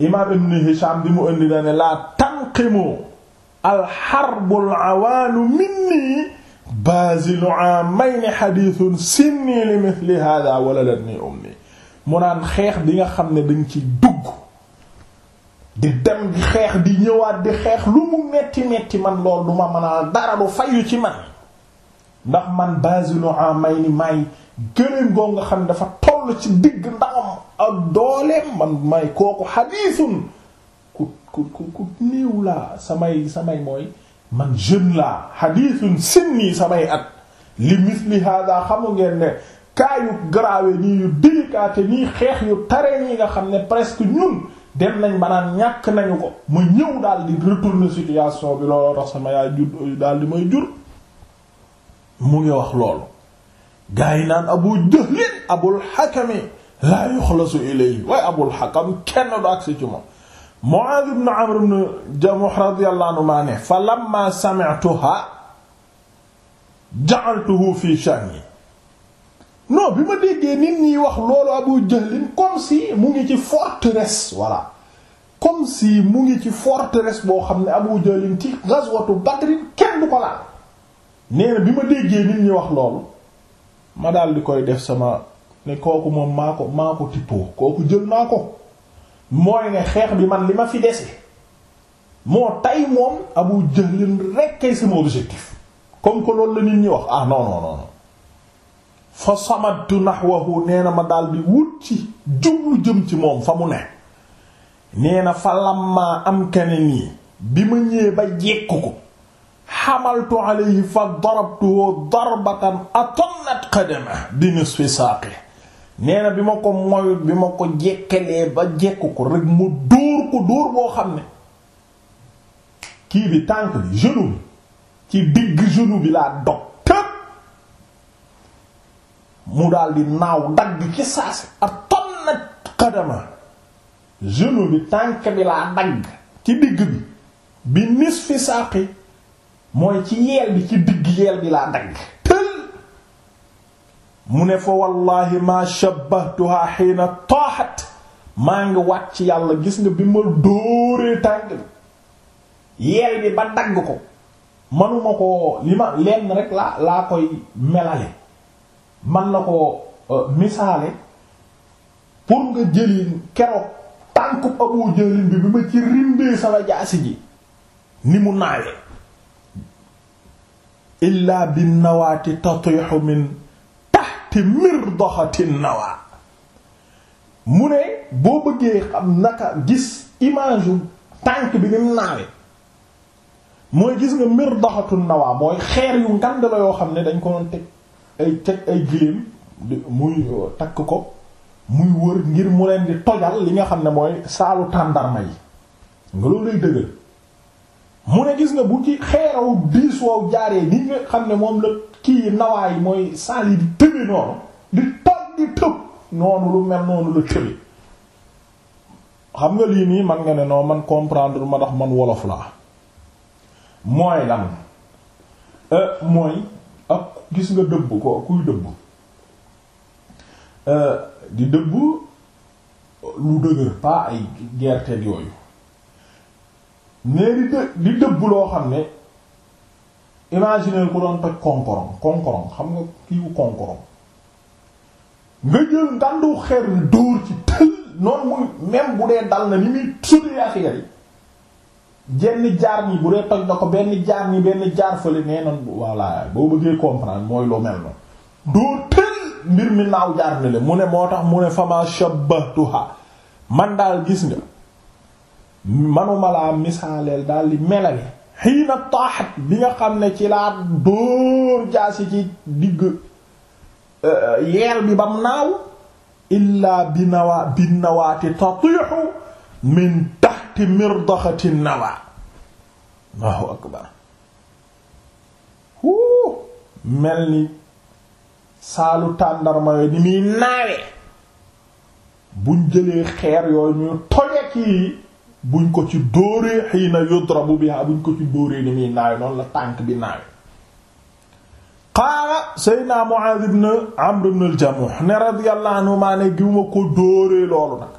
imaam ibn Hisham bi mu indi na ne laa tanqimu alxarbu alawaanu minni basilu amayni xadiisun sinni li misli hada waladatni ummi mu naan xeex bi nga xam ne dañ ci dugg di dem di xeex di ñëwaat di xeex lu mu metti metti man lool du ma mën a dara du fayu ci man ndax man basilu en may ni may gëneen goo nga xam ne dafa toll ci digg ndamam ak dooleem man may kooku xadiisun ku ku ku néew laa samay samay mooy man jeune laa xadiisun sinni samay at li misli hada xamu ngeen ne kaa yu nii yu délicat nii xeex yu tare ñi nga xam ne presque ñun dem nañ maanaam ñàkk nañu ko ma ñëw daal di retourner situation bi looloo tax sama yaay jur daal di may jur mu ngi wax loolu gaa naan abu jahlin abul hakami laa yuxlasu ilayhi waaye abul hakam kenn du agsi ci moom Mu'aaz ibn Amr ibn Jamuh radiyallahu anhu maa fa lamma sami'tuha ja'altuhu fi sha'ni non bi ma déggee nit ñi wax loolu Abu Jahlin comme si mu ngi ci forteresse voilà comme si mu ngi ci forteresse boo xam ne Abu Jahlin ci ghazwatu Badr kenn du ko laal nee na bi ma déggee nit ñi wax loolu ma daal di koy def sama ne kooku moom maa ko maa ko tippoo kooku jël maa ko mooy ne xeex bi man li ma fi dese moo tey moom Abu Jahlin rekk kay sama objectif comme que loolu la nit ñi wax ah non non fa samadtu nahwahu nee na ma daldi wut ci jublu jëm ci moom fa mu ne nee na fa lamma am kene nii bi ma ñëwee ba jekku ko xamaltu alayhi fa darabtuhu darbatan atannat qadama bi nisfi saaqi nee na bi ma ko moyut bi ma ko jekkalee ba jekku ko rek mu dóor ko dóor boo xam ne kii bi tànk bi genou bi ci digg genou bi laa dog mu daal di naaw dagg ci saasi ak tonnat xadama genou bi tànk bi laa dagg ci digg bi bi nis fi sàqi mooy ci yeel bi ci digg yeel bi laa dagg tël mu ne fa wallahi ma shabbahtuha xiina taaxat maa ngi wàcc yàlla gis nga bi ma dóoree tànk bi yeel bi ba dagg ko manuma ko li ma lenn rek laa laa koy melale man na ko euh, misaale pour nga jëlin keroog tànku Abu Jahl bi bi ma ci rimbee sama jaasi ji ni mu naawe illa bi nawaati tatiixu min tahti mirdaxati nawaa mu ne boo bëggee xam naka gis image tànk bi ni mu naawe mooy gis nga mirdaxatu nawaa mooy xeer yu ngand la yoo xam ne dañ ko doon teg ay teg ay giléem muy euh, takk ko muy wër ngir mu leen di tojal li nga xam ne mooy saalu tàndarma yi nga loolu lay dëgër mu ne gis nga bu ci xeeraw diis wow jaare ni nga xam ne moom la kii nawaay mooy saal yi di tëbe noonu di toj di tëb noonu lu mel noonu la tëbe xam nga lii nii man nga ne non man comprendre ma ndax man wolof laa mooy lan euh mooy gis nga dëbb ko kuy dëbb euh, di dëbb lu dëgër pas ay gerte yooyu nee di dë di dëbb loo xam ne imaginer ku doon toj konkorom konkorom xam nga kiiwu konkorom nga jël ngandu xeer dóor ci tël noonu muy même bu dee dal na ni muy sutee affaire yi genn jaar ñi bu dee toj na ko benn jaar ñi benn jaar fële nee noonu boo bëggee comprendre mooy loo mel noonu doo tël mbir mi naaw jaar na le mu ne moo tax mu ne fama shabbatuha man daal gis nga manuma laa misaaleel daal di melale xiina taaxat bi nga xam ne ci laa dóor jaasi ci digg euh, yeel bi bam naaw illaa bi nawaati tatiixu min tahti mirdaxati nawa Allahu akbar wuu mel ni saalu tàndarma yooyu ni muy naawe buñ jëlee xeer yooyu ñu tojek yi buñ ko ci dóoree xiina yudrabu biha buñ ko ci dóoree ni muy naawe noonu la tànk bi naawe qaala seydna Muaaz ibn Amr ibn al-Jamuh ne radiyallahu anhu maa ne gi ma ko dóoree loolu nag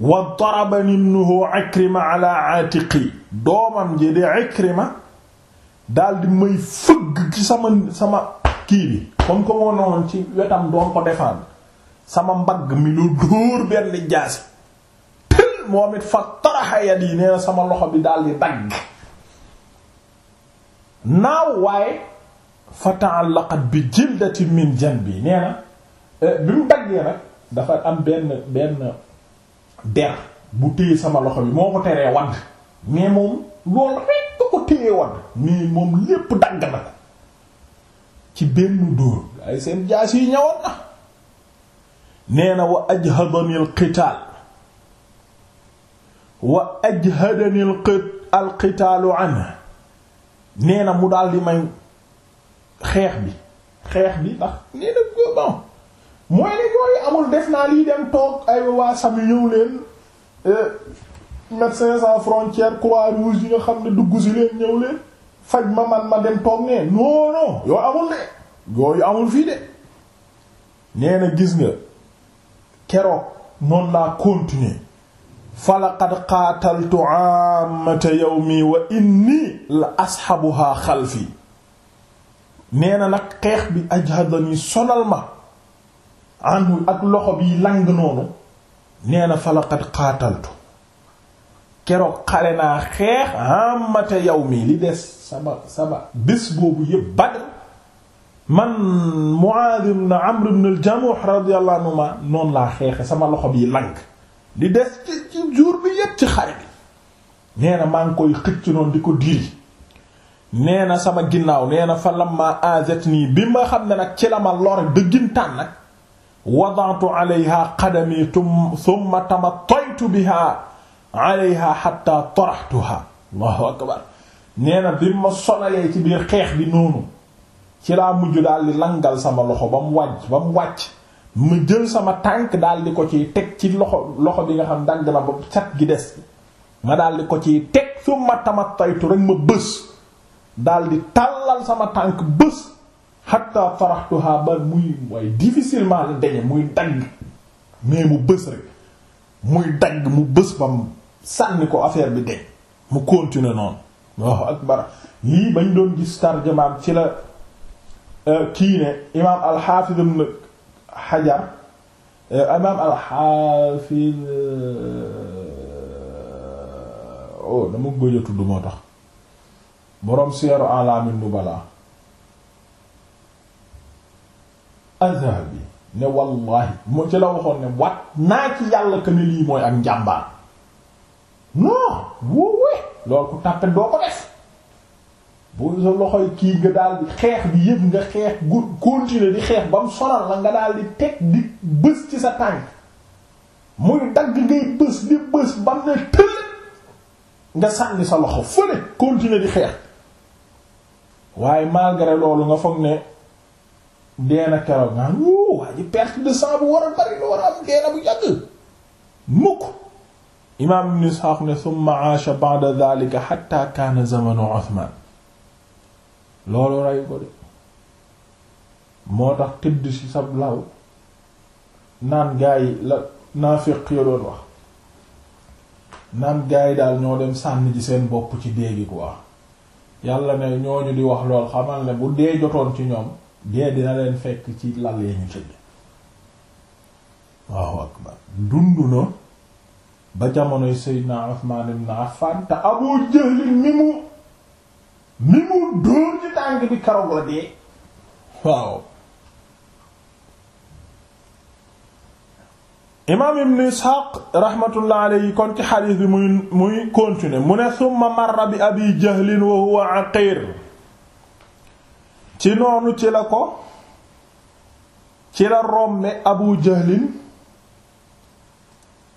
wa darabani ibnuhu Ikrima ala atiqi doomam ji Ikrima daal di may fëgg ci sama sama kii bi comme que moo noonu ci wetam doon ko défendre sama mbagg mi lu dóor benn jaasi tël moom it fa taraxa yat yi nee na sama loxo bi daal di dagg naaw waaye fa ta'allaqat bi jildatin min janbi nee na eh, bi mu daggee nag dafa am benn benn der bu téye sama loxo bi moo ko teree wadd mais moom loolu rek ko ko téye wadd mais moom lépp dagg na ko ci benn dóor ay seen jaas yi ñëwoon na nee na wa ajhadani al qitaal wa ajhadani al qitaalu an nee na mu daal di may xeex bi xeex bi ndax nee na bon mooy ne yooyu amul def naa lii dem toog ay waa sami ñëw leen eh, médecins sans frontières Croix-Rouge yi nga xam ne dugg si leen ñëw leen faj ma man ma dem toog nee non non amul de yooyu amul fii de nee na gis nga keroog noonu laa continuer fa laqad qaataltu ammata yawmi wa inni la asxabuha xalfi nee na nag xeex bi ajhadani sonal ma anhu ak loxo bi lang noonu nee na falaqad xaataltu keroog xare naa xeex amata yow mi li des sama sama bés boobu yëpp Badr man Muaad ibn Amr ibn al-Jamuh radiyallahu anhuma noonu laa xeexe sama loxo bi lang li des ci ci jour bi yëpp ci xare bi nee maa ngi koy xëcc noonu di ko diri nee na sama ginnaaw nee na fa lamma azatni bi ma xam ne nag ci la ma lor dëggintaan nag wadaatu alayha qadami thumma tamattaytu biha alayha hatta nee na bi ma sonalee ci biir xeex bi noonu ci laa mujj daal di langal sama loxo ba mu wàcc ba mu wàcc mu jël sama tànk daal di ko ciy teg ci loxo loxo bi nga xam dagg na ba cat gi des ma daal di ko ciy teg thumma tamattaytu rek ma bës daal di tàllal sama tànk bës hatta taraxtuha ba muy waaye difficilement la dañe muy dagg mais mu bës rek muy dagg mu bës bam sànni ko affaire bi deñ mu continuer noonu waaw akbar lii bañ doon gis tarjamaam ci la euh, kii ne imaam alxaafiz ibn xajar euh, imaam alxaafiz euh, oh dama gëj tudd moo tax boroom Siyar Alamin Nubala Azzahabi ne wallaahi mu ci la waxoon ne wat naa ci yàlla ko ne lii mooy ak njàmbaar non wóowee loolu ku tàppe doo ko def bu sa loxoy kii nga daal di xeex bi yëpp nga xeex gu continuer di xeex ba mu sonal la nga daal di teg di bës ci sa tànk muy dagg ngay bës di bës bam ne tël nga sànni sa loxo fële continuer di xeex waaye malgré loolu nga foog ne deena keroog naan wuu waa ji perte de sang bu war a bari lu war a am deena bu yàgg mukk imaam ibn Isxaaq ne summa aasha ba'da dhalika kaana zamanu Usmaan loolu rey ko de moo tax tëdd ci sab law naan gaa la naafiq ya doon wax naan gaa daal ñoo dem sànni ji seen bopp ci dee gi quoi yàlla ne ñooñu di wax lool xamal ne bu dee jotoon ci ñoom dee dina leen fekk ci lal ya ñu tëdd waaw akbar dund na ba jamonoy Seydina Usmaan ibn Affan te Abu Jahl mi mu mi mu dóor ci tàng bi la dee waaw imaam ibn Isxaaq rahmatullah alayhi kon ci xadiis bi muy muy continuer mu ne summa marra bi Abi Jahlin wa huwa aqiir ci noonu ci la ko ci la rombe abu jëlin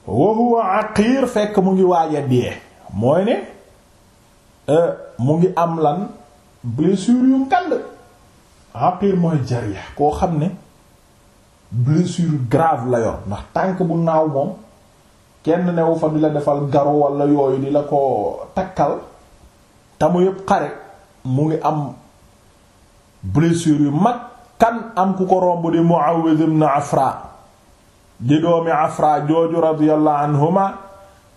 wa aqiir fekk mu ngi waaja dee mooy ne e, mu ngi am lan blessure yu ngand aqiir mooy jariya koo xam ne blessure grave la yor ndax tànk bu naaw moom kenn newu fa di la defal garo walla yooyu di la ko takkal tamu yëpp xare mu ngi am blessure yu mag am ku ko romb di Muawwid ibn Afra di doomi Afra jooju radiyallahu anhuma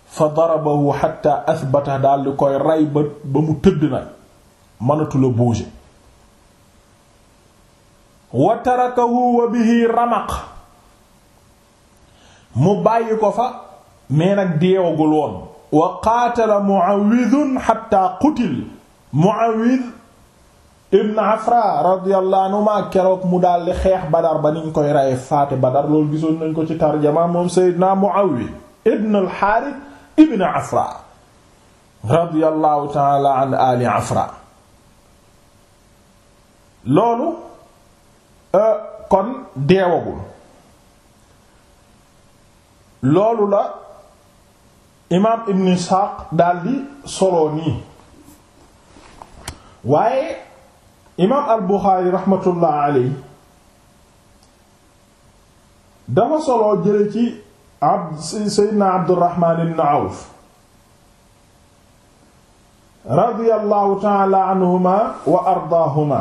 fa darabahu hatta athbata daal koy rey ba mu tëdd nag mënatula bouger wa tarakahu wa bihi ramaq mu bàyyi ko fa mais nag deewagul woon wa qaatala Muawwid hatta qutil Muawwid ibn Afra radiyallahu anhuma keroog mu daldi xeex Badar ba niñ koy reye faate Badar loolu gisoon nañ ko ci tarjama moom Seydina Muawiya ibn al ibn Afra radiyallahu ta'ala an Afra loolu euh, kon deewagul loolu la imaam ibn Ishaq daldi solo nii waaye imaam al Buxaari raxmatullah aley dafa soloo jële ci ab seydna Abdurahmaan ibn Awf radiyallahu taala anhuma wa ardaahuma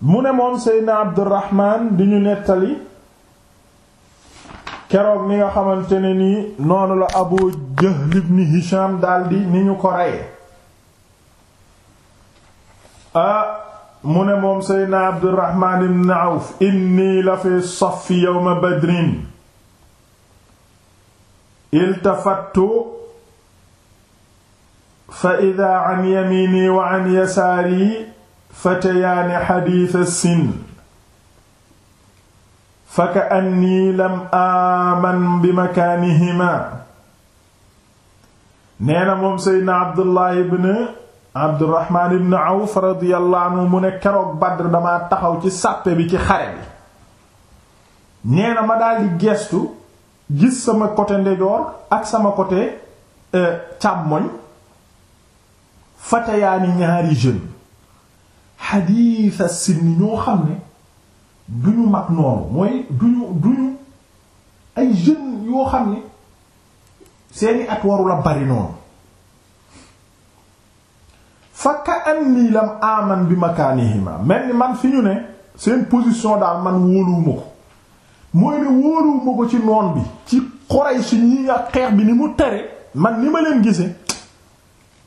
mu ne moom seydna Abdurahmaan di ñu nettali keroog ni nga xamante ne nii noonu la Abu Jahl ibn Hisham daldi ni ñu ko reye a ah, mu ne moom seydna abdurahmaan ibn auf inni la fi safi yawma badrin iltafattu fa ida an yamiini wa an yasaari fatayaani xadiisa sin fa ka anni lam aaman bi makaanihima nee na moom seydna abdullah ibn abdurahmaan ibn awf radiyallahu anhu mu ne keroog badr damaa taxaw ci sàppe bi ci xare bi nee na ma di gestu gis sama côté ndejoor ak sama côté euh, càmmoñ fatayaani ñaari jeune xadiisa sinni ñoo xam ne duñu mag noonu mooy duñu duñu ay jeune yoo xam ne seeni at waru bari noonu fa ka anni lam aman bi makaanihima mel ni man fi ñu ne seen position daal man wóoluwuma ko mooy ne wóoluwuma ko ci noon bi ci xorey si ñi nga xeex bi ni mu tere man ni ma leen gise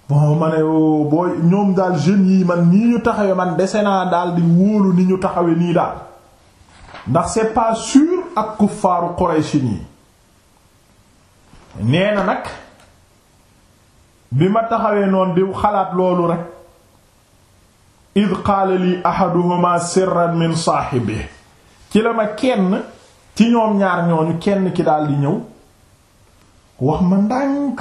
bon ma ne oh, booy ñoom daal jeunes yii man nii ñu taxawee man dese naa daal di wóolu ni ñu taxawe nii daal ndax c'est pas sûr ak kuffaaru Quraysh yi nee na nag bi ma taxawee noonu di xalaat loolu rek id qaala li ahaduhuma sirran min bi ci la ma kenn ci ñoom ñaar ñooñu kenn ki daal ñëw wax ma ndànk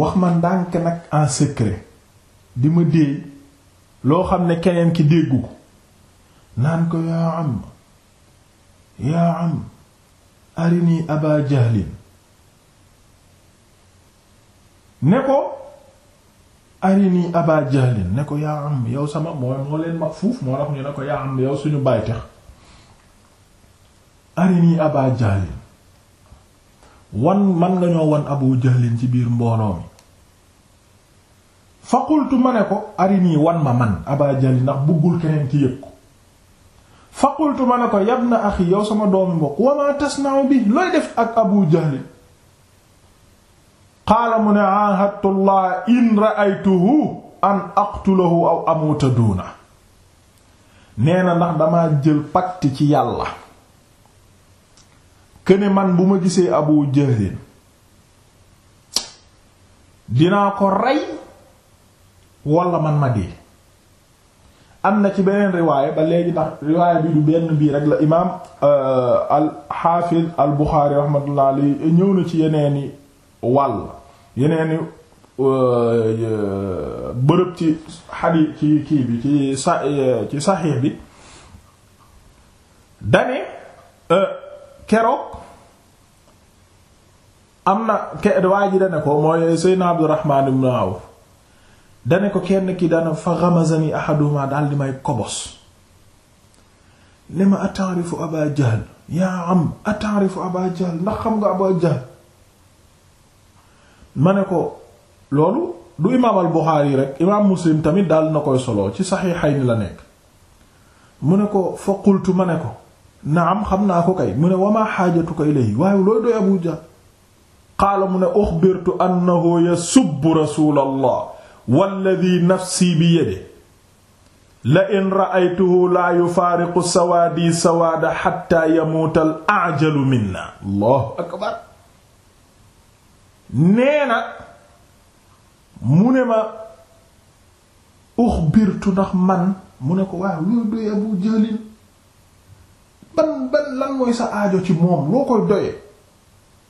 wax ma ndànk nag en secret di ma déey loo xam ne keneen ki déggu ko naan ko yaa am yaa am arini aba jahlin ne ko arini aba jahlin ne ko yaa am yow sama mooy moo leen mag fuuf moo tax ñu ne ko yaa am yow suñu bàytex arini aba jahlin wan man nga ñoo wan abu jahlin ci biir mbooloo mi fa qultu ma ne ko arini wan ma man aba jahlin ndax buggul keneen ci yëg ko fa ma ne ko yabna axi yow sama doom mbokk wa ma tasna'u bi looy def ak abu jahlin qaala mu ne ahadtu in ra'aytuhu an aqtulahu aw amuuta duuna nee na ndax dama jël pacte ci yàlla këne man bu ma gisee abu jahlin dinaa ko rey walla man ma dee am na ci beneen riwaaya ba léegi ndax riwaaya bi du benn bii rek la imaam euh, al xaafiz al buxaari ñëw na ci yeneeni wàll yeneeni euh, bërëb ci xadi ci kii bi ci sa ci saxiix bi dane euh, keroog am na ke waa ji dane ko mooy seydna Abdurrahman ibn Awf dane ko kenn ki dana fa ghamazani ahaduhuma daal di may kobos ne ma atarifu aba jahl yaa am atarifu aba jahl ndax xam nga aba jahl ma ne ko loolu du imaam al Buxaari rek imaam Muslim tamit daal na koy soloo ci saxiixayni la nekk mu ne ko fa qultu ma ne ko naam xam naa ko kay mu ne wamaa xaajatuka ilayhi waaye looy doy Abu Jahl mu ne uxbirtu annahu yasubbu rasuulallah walladii nafsii biyadihi la in ra'aytuhu laa yufaariqu sawaadii sawaada xattaa yamuuta al ajalu nee na mu ne ma uxbirtu ndax man mu ne ko waaw loo doy Abu Jahlin ban ban lan mooy sa aajo ci moom loo koy doye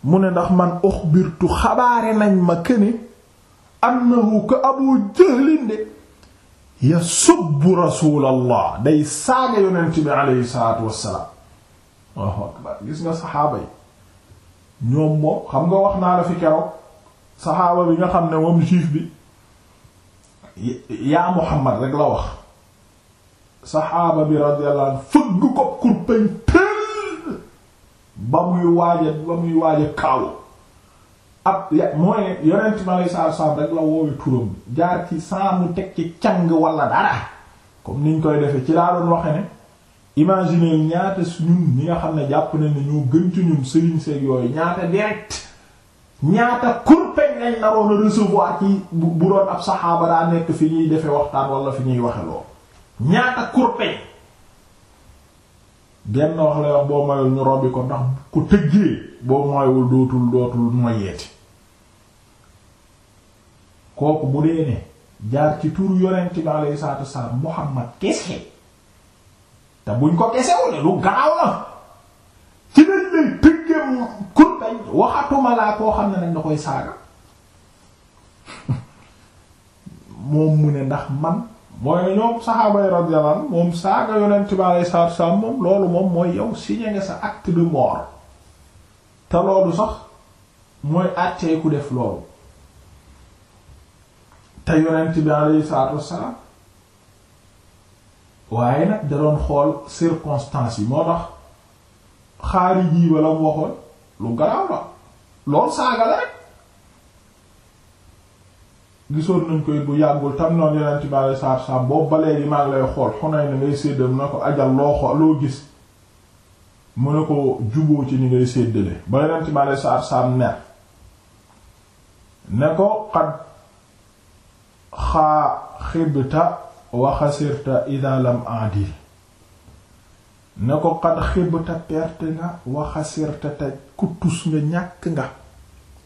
mu ne ndax man uxbirtu xabaare nañ ma këne annahu ka Abu Jahlin de yasubbu rasuulallah day saaga yonent bi aleyhi salaatu wassalaam Allahu akbar gis nga saxaaba yi ñoom moom xam nga wax naa la fi keroog saxaaba bi nga xam ne moom juif bi yaa Muhammad rek la wax saxaaba bi radiyallahu anhu fëgg ko kurpeñ tëll ba muy waaja ba muy waaja kaaw ab mooy yonent mi alei saatu salaam rek la woowe turam jaar ci saamu teg ci càng wala dara comme niñ koy defee ci laa doon waxe ne imaginer ñaata ñun ñi nga xam ne jàpp na ne ñoo gën ci ñun sëriñ seeg yooyu ñaata direct ñaata kurpeñ lañ naroon a recevoir ci bu doon ab saxaaba daa nekk fi ñuy defe waxtaan wala fi ñuy waxe ñaata kurpeñ benn wax la wax boo mayul ñu robbi ko ndax ku tëggee boo moywul dootul dootul noyeeti kooku bu dee ne jaar ci tur yonent bi alayhi salaatu wassalaam Muhammad kese te buñ ko kesewule lu gaaw la ci lañ lay tëggee kurtañ waxatuma laa koo xam ne nañ da koy saaga [LAUGHS] moom mu ne ndax man mooy ñoom saxaaba yi moom saaga yonent bi alayhi salaatu wasallam moom loolu moom mooy yow signé nga sa acte de mort te loolu sax mooy àttee ku def loolu te yonent bi alayhi salaatu wasallam waaye nag da doon xool circonstances yi moo tax xaari jii ba la mu waxoon lu garaaw la lool saaga la rek gisoon nañ koy bu yàggul tam noonu yonent bi alei saatu salaam boobu ba léegi maa ngi lay xool xunay na ngay séddale mu ne ko ajal loo xool loo gis mu ne ko juboo ci ni ngay séddale ba yonent bi alei saatu salaam ne ko xad xaa xibta waxasirta ida lam adi ne ko xad xibta perte nga waxasirta te kuttus nga ñàkk nga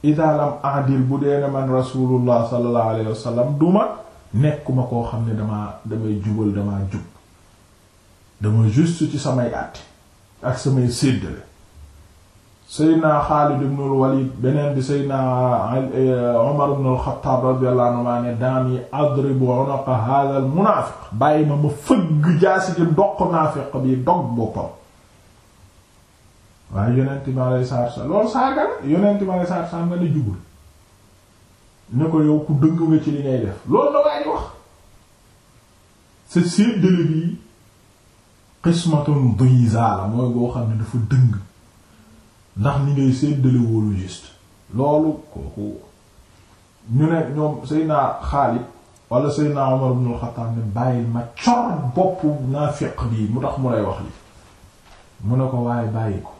ida lam bu dee ne man rasulullah sallallahu alayhi wasallam duma nekkuma koo xam ne dama damay jubal damaa jub dama juste ci samay àtte ak samay séddale seydna Xaalid ibn al-Walid beneen bi seydna Umar ibn al-Xattaab radiyallahu anhu maa ne daan yi adribu unuqa haadha al-munaafiq bàyyi ma ma fëgg jaasi di doq naafiq bi dog boppam waaye yonent bi alayhi salaatu wasallam loolu saaga la yonent bi alayhi salaatu wasallam nga ne jubul ne ko yow ku dëng nga ci li ngay def loolu la waaye wax sa séddale bi qismatun diiza la mooy boo xam ne dafa dëng ndax ni ngay séddale wóolu juste loolu kooku ñu ne ñoom Seydina Xaalid wala Seydina Umar ibn al-Khattab bàyyil ma cor bopp naafiq bii mu tax mu lay wax li mu ne ko waaye bàyyi ko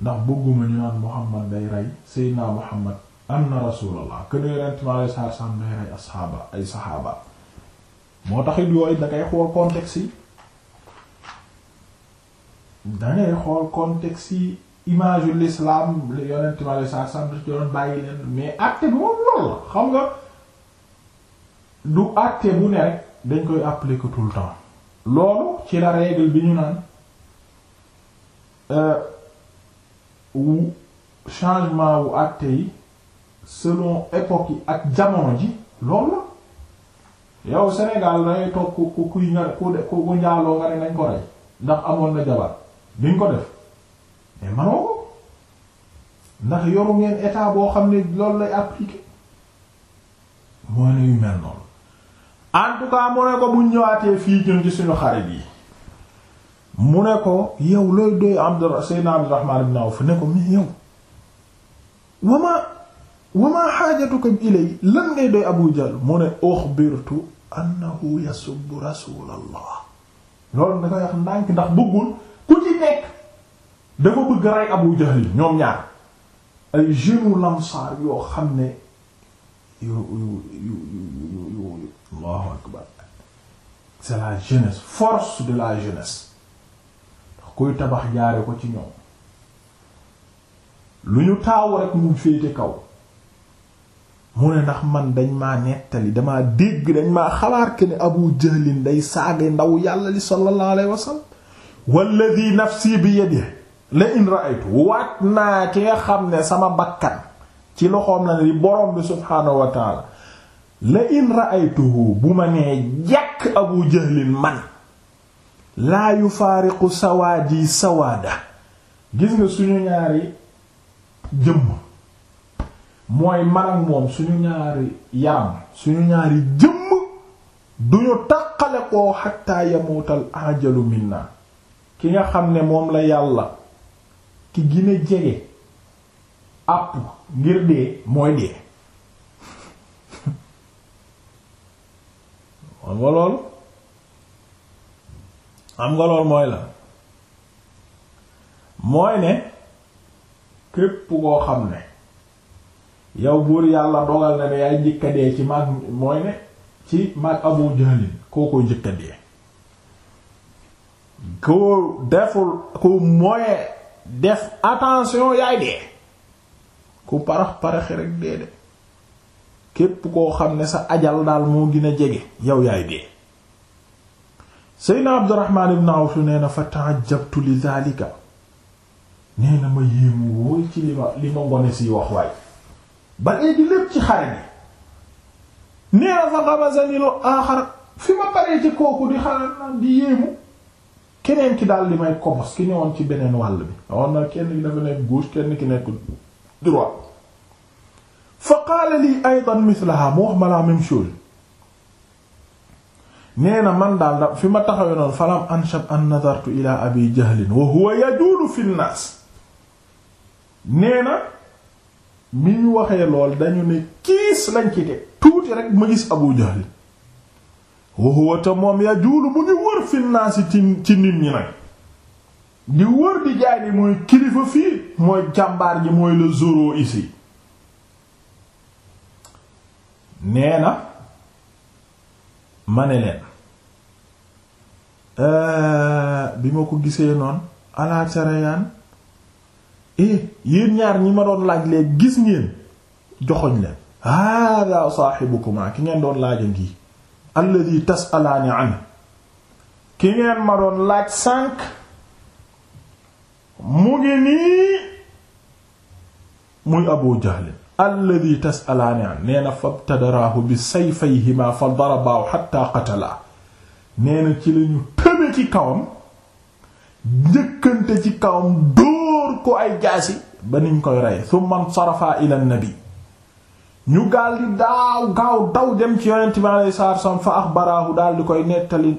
ndax bëgguma ñu naan Muhammad day rey Seydina Muhammad anna Rasulullah kën yonent mi alayhi salaatu wa day rey asxaaba ay saxaaba moo tax it yooyu da ngay xool yi dangay xool contexte yi image yu l'islam yonent mi alei satu selaam daf doon bàyyi leen mais acte bi moom loolu la xam nga du acte bu ne rek dañ koy appliquer tout le temps loolu ci la règle bi ñu naan euh, wu changement wu acte yi selon époque yi ak jamono ji lool la yow Sénégal day toog ku kuy nga ku ku njaaloo nga ne nañ ko rey ndax amoon na jabar duñ ko def mais manoo ko ndax yoru ngeen état boo xam ne loolu lay appliquer mooy ne yu mel noonu en tout cas mu ne ko bu ñëwaatee fii jëm ci suñu xarit yi mu ne ko yow looy doy Abdou Seydina Abdourahman ibn Awf ne ko lan ngay doy Abu Jahl mu ne uxbirtu annahu yasubbu rasulallah loolu da koy wax ndànk ndax bëggul ku ci nekk dafa bëgg rey Abu Jahl ñoom ñaar ay jeunes lamsaar yoo xam ne yo yo Allahu akbar c'est la jeunesse force de la jeunesse kuy tabax jaare ko ci ñoom lu ñu taaw rek mu féete kaw mu ne ndax man dañ maa nettali damaa dégg dañ maa xalaat que ne Abu Jahlin day saagay ndaw yàlla li sallallahu alayhi wa walladi nafsi bi yadihi la in ra'aytu waat naa ki nga xam ne sama bakkan ci loxoom la ne di borom bi subhaanahu wa taala la in ra'aytuhu bu ma nee jàkk abu jahlin man laa yufaariqu sawaadi sawaada gis nga suñu ñaari jëmm mooy man moom suñu ñaari yaam suñu ñaari jëmm duñu taqale koo xatta yamuutal ajalu ki nga xam ne moom la yàlla ki gën jege àpp ngir dee mooy dee [LAUGHS] xam nga lool xam nga lool mooy la mooy ne képp koo xam ne yow buur yàlla dogal na ne yaay njëkka dee ci maag mooy ne ci maag Abu Jahlin koo njëkka dee koo deful ku moye def attention yaay dee ku parax paraxi rek dee de képp koo xam ne sa ajal daal moo gin a jege yow yaay dee seydna abdurahmaan ibn awf nee na fa ta'ajjabtu li zaalika nee ma yéemu wooy ci li ma li ma ngone si wax waay ba léegi lépp ci xare bi nee na fa xamasani al aaxar fi ma paree ci kooku di xare naan di yéemu keneen ki daal li may komos ki ñëwoon ci beneen wàll bi waxoon na kenn ki dafa nekk gauche kenn ki nekk droit fa qaala lii aydan mislaha mu wax ma la nee na man daal da fi ma taxawe noonu falam anshab an nadartu ila abi jahlin wa huwa yajuulu fi nnaas na mi ñu waxee lool dañu ne kiis lañ ci teg tuuti rek ma gis abu jahlin wa huwa ta moom yajuulu mu ngi wër fi naasi ci nit ñi nag di wër di jaay ni mooy kilifa fii mooy jàmbaar ji mooy le zoro ici nee na ma ne leen euh, bi ma ko gisee noon ala tarayaan eh yéen ñaar ñi ma doon laaj leen gis ngeen joxoñ leen hada saaxibukumaa ki ngeen doon laaja ngi alladi tasalaani an ki ngeen ma doon laaj sànq mu ngi nii muy abu jahlin alladi tasalaani an nee na fabtadaraahu bi sayfayhima fa darabaahu xatta qatalaa nee ci lañu tëbe ci kawam njëkkante ci kawam dóor ko ay jaasi ba niñ koy rey thumma nsarafaa ila nabi ñu gaal di daaw gaaw daw dem ci yonent bi alayhi salaatu wassalaam fa axbaraahu daal di koy nettali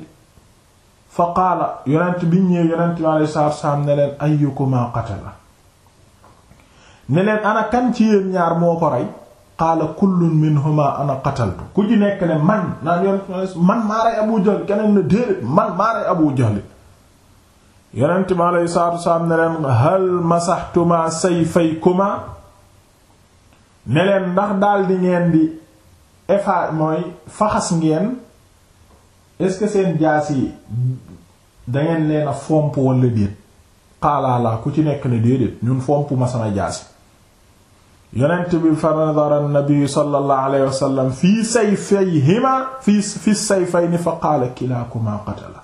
fa qaala yonent bi ñëw yonent bi alayhi salaatu wassalaam ne leen ayyukumaa qatala ana kan ci yéen ñaar moo ko rey qaala kullun minhumaa ana qataltu ku ci nekk ne man naan yonent man maa rey Abu Jahl keneen ne déedéet man maa rey Abu Jahl yonent bi alayhi salaatu wassalaam ne leen hal masaxtumaa sayfaykumaa ne leen ndax daldi ngeen di efa mooy faxas ngeen est seen jaas yi dangeen leen a fomp walla déet xaalaalaa ku ci nekk ne déedéet ñun fomp ma sama jaas yi yonent bi fa nadara nabi sallallahu alayhi wasallam fii sayfayhima fi fi sayfayni fa qaala kilaakumaa qatala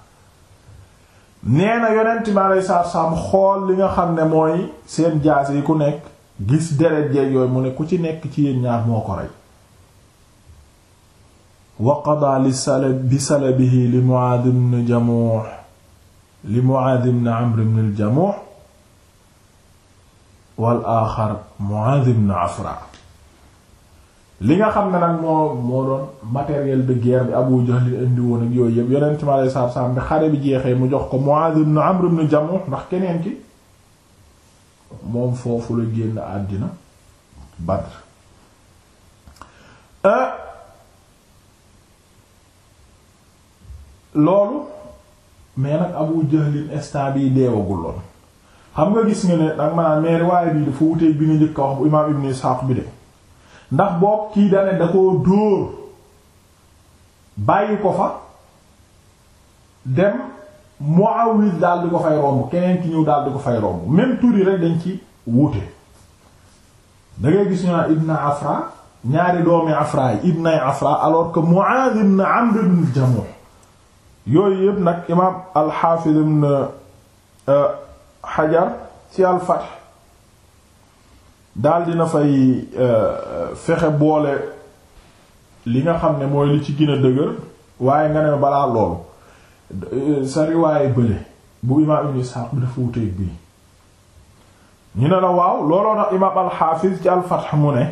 nee yonent bi alayhi salaam xool li nga xam ne mooy seen jaas yi ku nekk gis deret jeeg yooyu mu ne ku ci nekk ci yéen ñaar moo ko rey wa li salab bi salabihi li Muaad ibn Jamuh li Muaad ibn Amr ibn al-Jamuh wal aaxar Muaad ibn Afra li nga xam ne nag moo moo doon matériel de guerre Abu Jahl indi woon ak yooyu yëpp yonent mi alayhi salaatu salaam bi xare bi jeexee mu jox ko Muaad ibn Amr ibn al-Jamuh ndax keneen ki moom foofu la génn àddina Badr euh, loolu mais nag Abu Jahlin instant bi deewaguloon xam nga gis nga ne danga maanaam mais riwaaya bi dafa wutee bi nga njëkk a wax bu imaam Ibn Ishaq bi de ndax boob kii dane da koo dóor bàyyi ko fa dem Muawwiz daal di ko fay romb keneen ki ñëw daal di ko fay romb même tur yi rek dañ ci wuute da ngay gis ñu naan Ibn Afra ñaari doomi Afra yi Ibn Afra alors que Muaz na Amr ibn Jamuh yooyu yëpp nag imaam al-Hafiz ibn euh, Hajar ci al-Fath daal dina fay euh, fexe boole li nga xam ne mooy li ci gën dëgër waaye nga ne balaa loolu. sa riwaaye bële bu imaam ibn Isxaaq bi dafa wuteeg bii ñu ne la waaw looloo imaam alxaafiz ci alfatx mu ne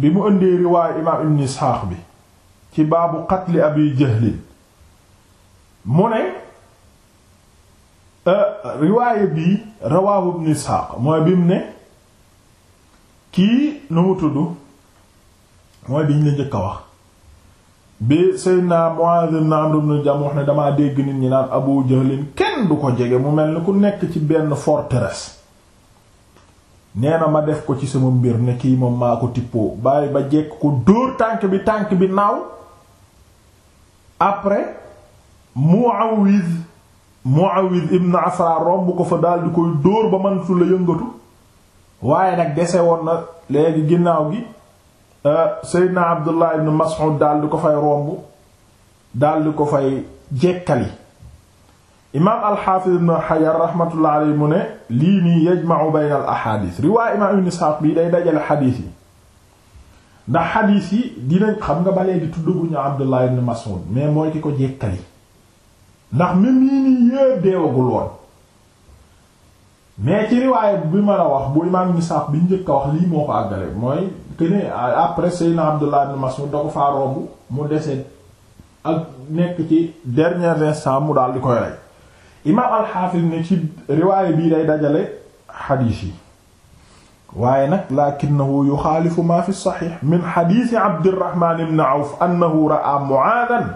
bi mu ëndee riwaaye imaam ibn Isxaaq bi ci baabu qatli abi jahlin mu ne riwaaye bii rawaahu ibn mooy bi mu ne kii nu mu tudd mooy bi ñu la njëkk a wax bi Seydina naa ibn Amr ibn Jam wax ne damaa dégg nit ñi naan Abu kenn du ko jege mu mel ni ku nekk ci benn forteresse nee na ma def ko ci sama mbir ne kii moom maa ko tippoo bàyyi ba jekk ko dóor tànk bi tànk bi naaw après Muawiz Muawiz ibn Afra romb ko fa daal koy dóor ba man su yëngatu waaye nag gese woon na léegi ginnaaw gi Euh, Seydina Abdullah ibn Mas'ud daal di ko fay romb daal di ko fay jekkali imaam al-Hafiz ibn Hajar mu ne lii nii yajma'u bayna al-ahadith riwaay imaam ibn Ishaq bi day dajale xadiis yi ndax xadiis yi dinañ xam nga ba léegi tuddaguñu Abdullah ibn Mas'ud mais mooy ki ko jekkali ndax même yii nii yépp deewagul woon mais ci riwaay bi ma la wax bu imaam ibn Ishaq bi njëkk a wax lii moo ko àggale mooy que ne ah, après Seydina Abdullah ibn Mas'ud da ko faa romb mu dese ak nekk ci dernier instant mu daal di koy rey imaam al-Hafiz ne ci riwaay bii day dajale xadiis yi waaye nag lakinnahu yuxaalifu ma fi saxiix min xadiisi Abdurrahmaan ibn Awf annahu ra'a Mu'aadan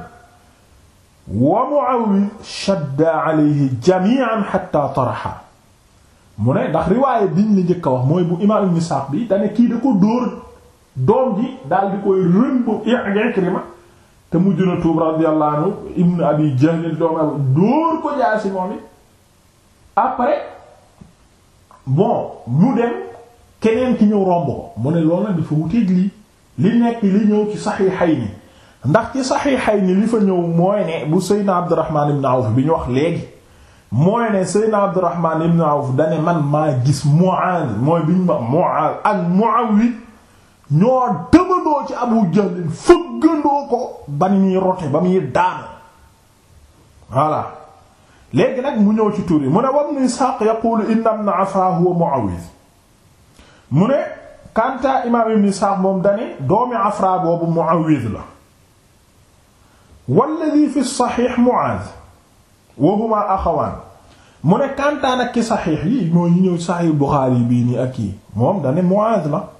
wa Mu'aawiya shadda alayhi jamii'an hatta taraxa mu ne ndax riwaay biñ la njëkk a wax mooy bu imaam Ibn Sa'd bi dane kii da ko dóor doom ji daal di koy rëmb ma te mujj na tuub radiyallahu anhu ibn Abi Jahl doom dóor ko jaasi moom it après bon mu dem keneen ki ñëw romb ko mu ne loolu nag dafa wuteeg lii li nekk li ñëw ci Sahihayni ndax ci Sahihayni li fa ñëw mooy ne bu Seydina Abdurrahman ibn Awf bi ñu wax léegi mooy ne Seydina Abdurrahman ibn Awf dane man maa gis Mu'adh mooy biñ ma Mu'adh ak Mu'awwid ñoo dëgandoo ci Abu Jahl fëggandoo ko ba ni muy rote ba muy daanu voilà léegi nag mu ñëw ci tur yi mu ne wam ni Isxaaq yaqulu inna ibn Affaa huwa Mu'awiz mu ne kanta imaam ibn Isxaaq moom dane doomi Affaa boobu Mu'awiz la walladhi fi saxiix Mu'aaz wa humaa axawaan mu ne kanta nag ki saxiix yi moo ñu ñëw saxiix Buxaari bii nii ak yi moom dane Mu'aaz la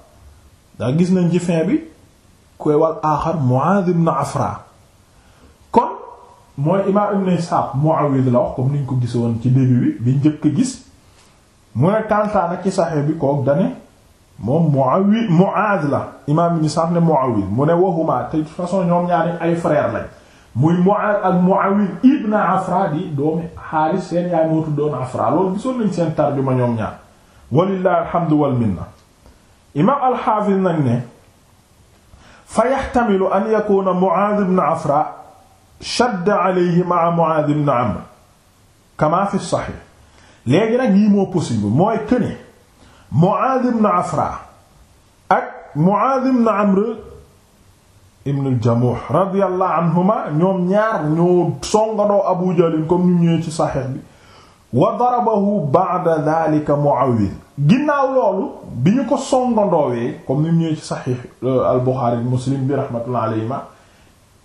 ndax gis nañ ci fin bi koy wal aaxar Muaaz ibn Afra kon mooy imaam ibn Isaaq Muawid la wax comme niñ ko gisoon ci début bi bi njëkk gis mu ne kantaan ak ci saxee bi kook dane moom Muawid la imaam ibn Isaaq ne Muawid mu ne waxuma te façon ñoom ñaari ay frère lañ muy Muaaz ak Muawid ibn Afra di doomi Haaris seen yaay moo tuddoon Afra loolu gisoon nañ seen tarjuma ñoom ñaar walillahi alhamdu wal minna imaam alxaafis nag ne fa yaxtamilu an yakuna Muaaz ibn Afra shadda alayhi ma'a Muaaz ibn Amr kama fi saxiix léegi nag yii moo possible mooy këne Muaaz ibn Afra ak Muaaz ibn Amr ibn al-Jamuh radiyallahu anhuma ñoom ñaar ñoo songandoo Abu Jahl comme ñu ñëwee ci saxiix bi wa darabahu ba'da dhalika Mu'awwidh ginnaaw loolu bi ñu ko songandoowee comme ni mu ñëwee ci saxiix euh, al Muslim bi rahmatullah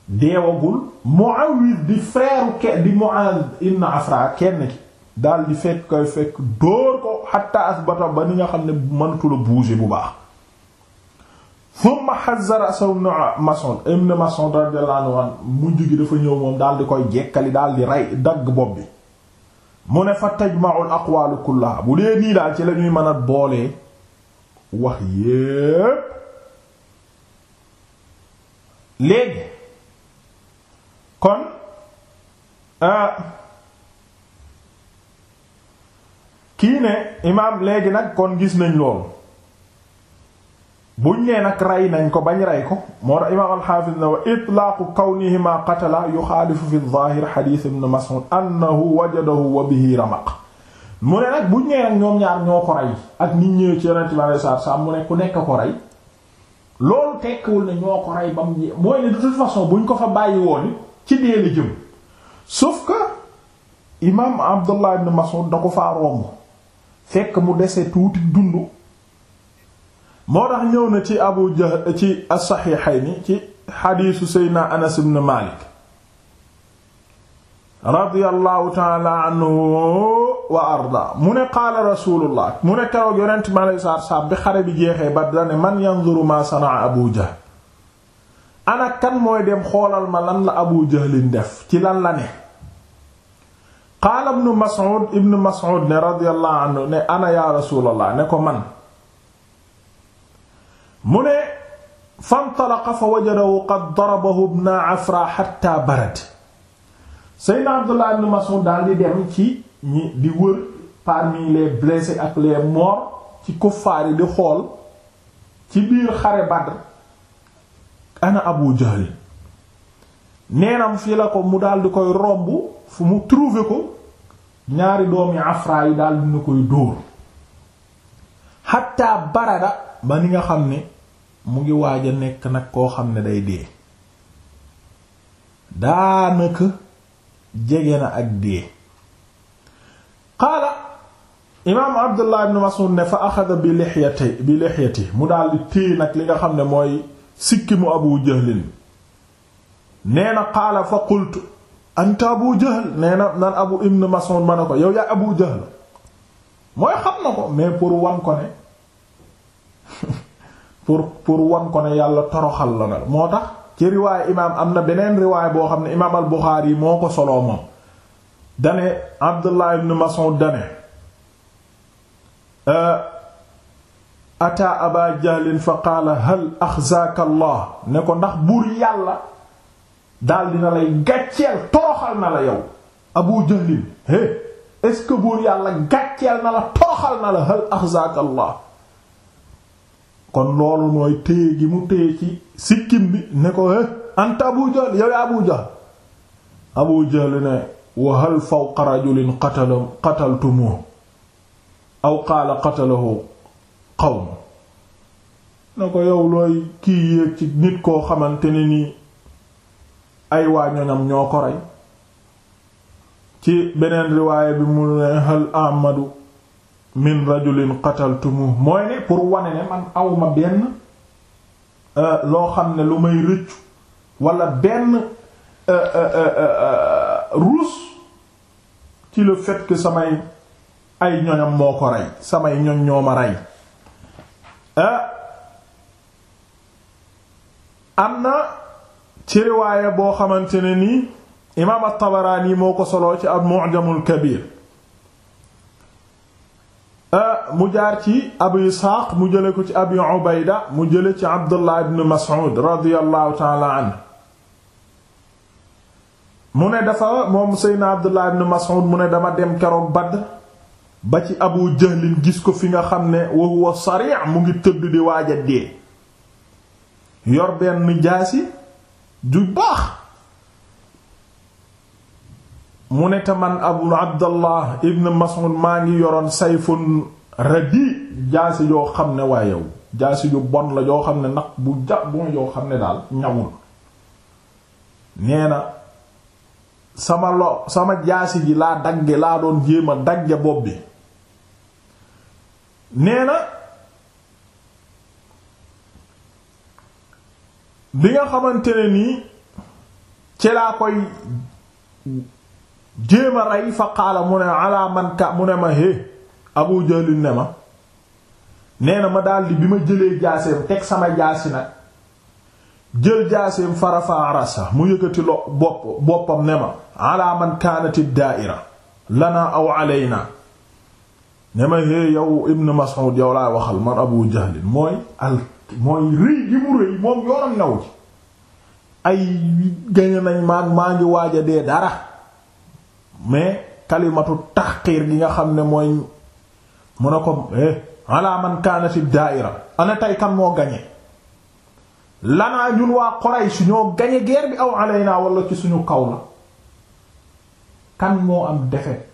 deewagul Mu'awwidh di frère ke di Mu'adh ibn Afra kenn ki daal di fekk koy fekk dóor ko hatta asbata ba ni nga xam ne mënatula bouger bu baax thumma hazza ra'sahu ibn Mas'ud ibn Mas'ud radiyallahu anhu mujj gi dafa ñëw moom daal di koy jekkali daal di rey dagg bopp bi mu ne fa tajma'u al aqwaalu kullaha bu dee nii daal ci lañuy mën a boolee wax yépp léegi kon euh, kii ne imaam léegi nag kon gis nañ loolu buñ nee nag rey nañ ko bañ rey ko moo tax imaam alxaafis na wa itlaaqu kawnihima qatala yuxaalifu fi zaahir xadiis ibn Mas'ud annahu wajadahu wa bihi ramaq mu ne nag ko rey ak nit bi alayhi buñ ko fa bàyyi woon ci dee la jëm sauf que imaam Abdullah da ko faa romb fekk mu dese tuuti dund moo tax ñëw na ci abu jë ci as-saxiixayni ci xadiisu seydna anas ibn malik radiyallahu taala anhu wa arda mu ne qaala rasulullah mu ne keroog yonent mi alei saatu salaam bi xare bi jeexee ba dane man yanzuru ma sanaa abu jahl ana kan mooy dem xoolal ma lan la abu jahlin def ci lan la ne qaala ibnu mas'ud ibnu mas'ud ne radiyallahu anhu ne ana ya rasulallah ne ko man mu ne fantalaqa fa wajadahu qad darabahu ibn afra hatta barad seydna abdullah ibn mas'ud daal di dem ci ñi di wër parmi les blessés ak les morts ci kuffaar yi di xool ci biir xare Badr ana Abu Jahl neenam fii la ko mu daal di koy romb fu mu trouvé ko ñaari doomi afra yi daal dina koy dóor hatta barada ba ni nga xam ne mu ngi waaj nekk nag koo xam ne day dee daanaka jege na ak dee qaala imaam abdullah ibn mas'ud ne fa axada bi lixyati mu daldi téye nag li nga xam ne mooy sikki mu abu jahlin nee na qaala fa qultu anta abu jahl nee na nan abu ibn mas'ud ma ne ko yow yaay abu jahl mooy xam na ko mais pour wan ko ne [LAUGHS] pour pour wan ko ne yàlla toroxal la na moo tax ci riwaay imaam am na beneen riwaay boo xam ne imaam al Buxaari yi moo ko soloo moom dane Abdullah ibn Mas'ud dane ata aba jahlin fa qaala hal axzaaka ne ko ndax buur yàlla daal dina lay gàcceel toroxal na la yow abu jahlin hé est-ce que buur yàlla gàcceel na la toroxal na la hal axzaaka kon loolu mooy téye gi mu téye ci sikkim bi ne ko eh anta Abu Jahl yow yaa Abu Jahl Abu Jahl ne wa hal fawqa rajulin qatala qataltumuhu aw qaala qatalahu qawm na ko yow looy kii yéeg ci nit koo xamante ni nii ay waa ñoñam ñoo ko rey ci beneen riwaaya bi mu ne hal Ahmadu min rajulin qataltumuh mooy ne pour wane ne man awma benn euh, loo xam ne lu may rëccu wala benn euh, euh, ruus ci le fait samay ay ñoñam moo ko rey samay ñoñ ñoo ma rey am na ci riwaaya boo xamante ne nii imaam at-Tabaraani moo ko soloo ci al-Mu'jamul Kabiir Euh, mu jaar ci abu isxaaq mu jële ko ci abi ubayda mu jële ci abdullah ibn mas'ud radiyallahu ta'ala anhu mu ne dafa moom seydna abdullah ibn mas'ud mu ne dama dem keroog Badr ba ci abu jahlin gis ko fi nga xam ne wa huwa sari' mu ngi tëdd di waaj a dee yor benn ju baax mu ne te man abu abdallah ibn mas'ud maa ngi yoroon sayfun radi jaasi joo xam ne waa yow jaasi ju bon la yoo xam ne nag bu ja bon yoo xam ne daal ñawul nee na sama lo sama jaasi ji laa dagge laa doon jéem a dagge bopp bi nee na bi nga xamante ne nii ci laa koy jéem a rey fa qaala mu ne ma hé abu jahlin ne ma nee na ma daldi bi ma jëlee jaaseem teg sama jaasi nag jël jaaseem farafa sax mu yëkkati lo bopp boppam ne ma ma hé yow ibn mas'ud yow laa waxal man abu jahlin mooy al mooy rëy gi mu rëy moom yoonam new ci ay gañe nañ maa maa ngi waaja dee dara mais kalimatu tax tahqiir gi nga xam ne mooy mu ne ko eh ala man kaanati daaira ana tey kan moo gañe lanaa ñun waa Quraysh ñoo gañe guerre bi aw alaynaa wala ci suñu kaw la kan moo am défaite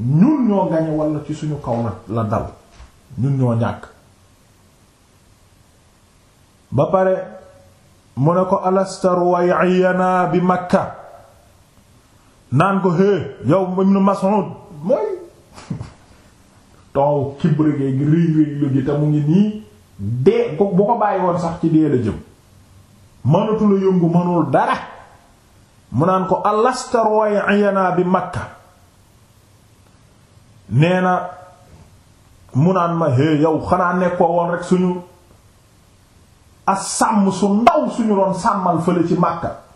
ñun ñoo gañe wala ci suñu kaw la dal ñun ñoo ñàkk ba pare mu ne ko alastaru wayyanaa bi Makka naan ko hé yow Ibn Mas'ud mooy [LAUGHS] toow kibrigee gi réy réy lu gi te mu ngi nii dee bu ko bàyyi woon sax ci dee la jëm mënatu la yëngu mënul dara mu naan ko alasta ruway'ana bi Makka nee na mu naan ma hé yow xanaa nekkoo woon rek suñu a sàmm su ndaw suñu doon sàmmal fële ci Makka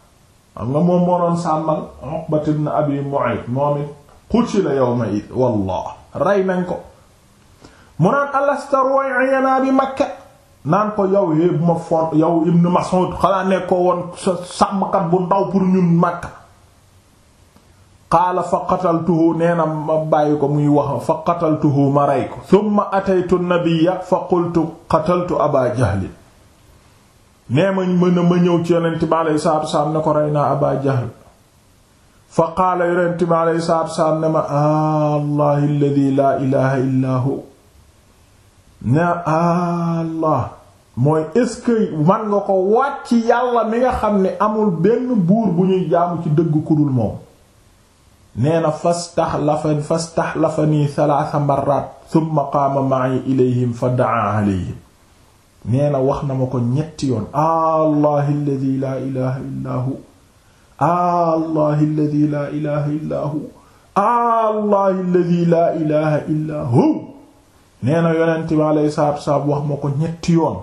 xam nga moom moo doon sàmmal Uqbat ibn Abi Mu'ayt moom it qutila yawma id wallah rey nañ ko mu naan alasta ru'ayna bi Makka naan ko yow yee ma fon yow Ibn Mas'ud xanaa nekkoo woon sa sàmmkat bu ndaw pour ñun Makka qaala fa qataltuhu nee na bàyyi ko muy wax fa qataltuhu ma rey ko thumma ataytu an-nabiyya fa qultu qataltu Aba nee ma mën a ma ñëw ci yonent bi aleyhi salaatu salaam ne ko rey naa Aba Jahl fa qaala yonent bi ma allahi alladi laa ilaha illa hu ne mooy est-ce man nga ko wàcc yàlla mi nga xam ne amul benn buur bu ñuy jaamu ci dëgg ku dul moom nee na fastaxlafa fastaxlafanii salaasa maraat summa qaama ma'i ilayhim fa daa alayhim nee na wax na ma ko ñetti yoon allahi alladi laa ilaha illaa hu allahi alladi laa ilaha illaa hu allahi alladi laa ilaha illaa hu nee na yonent bi alayhi salaatu wasalaam wax ma ko ñetti yoon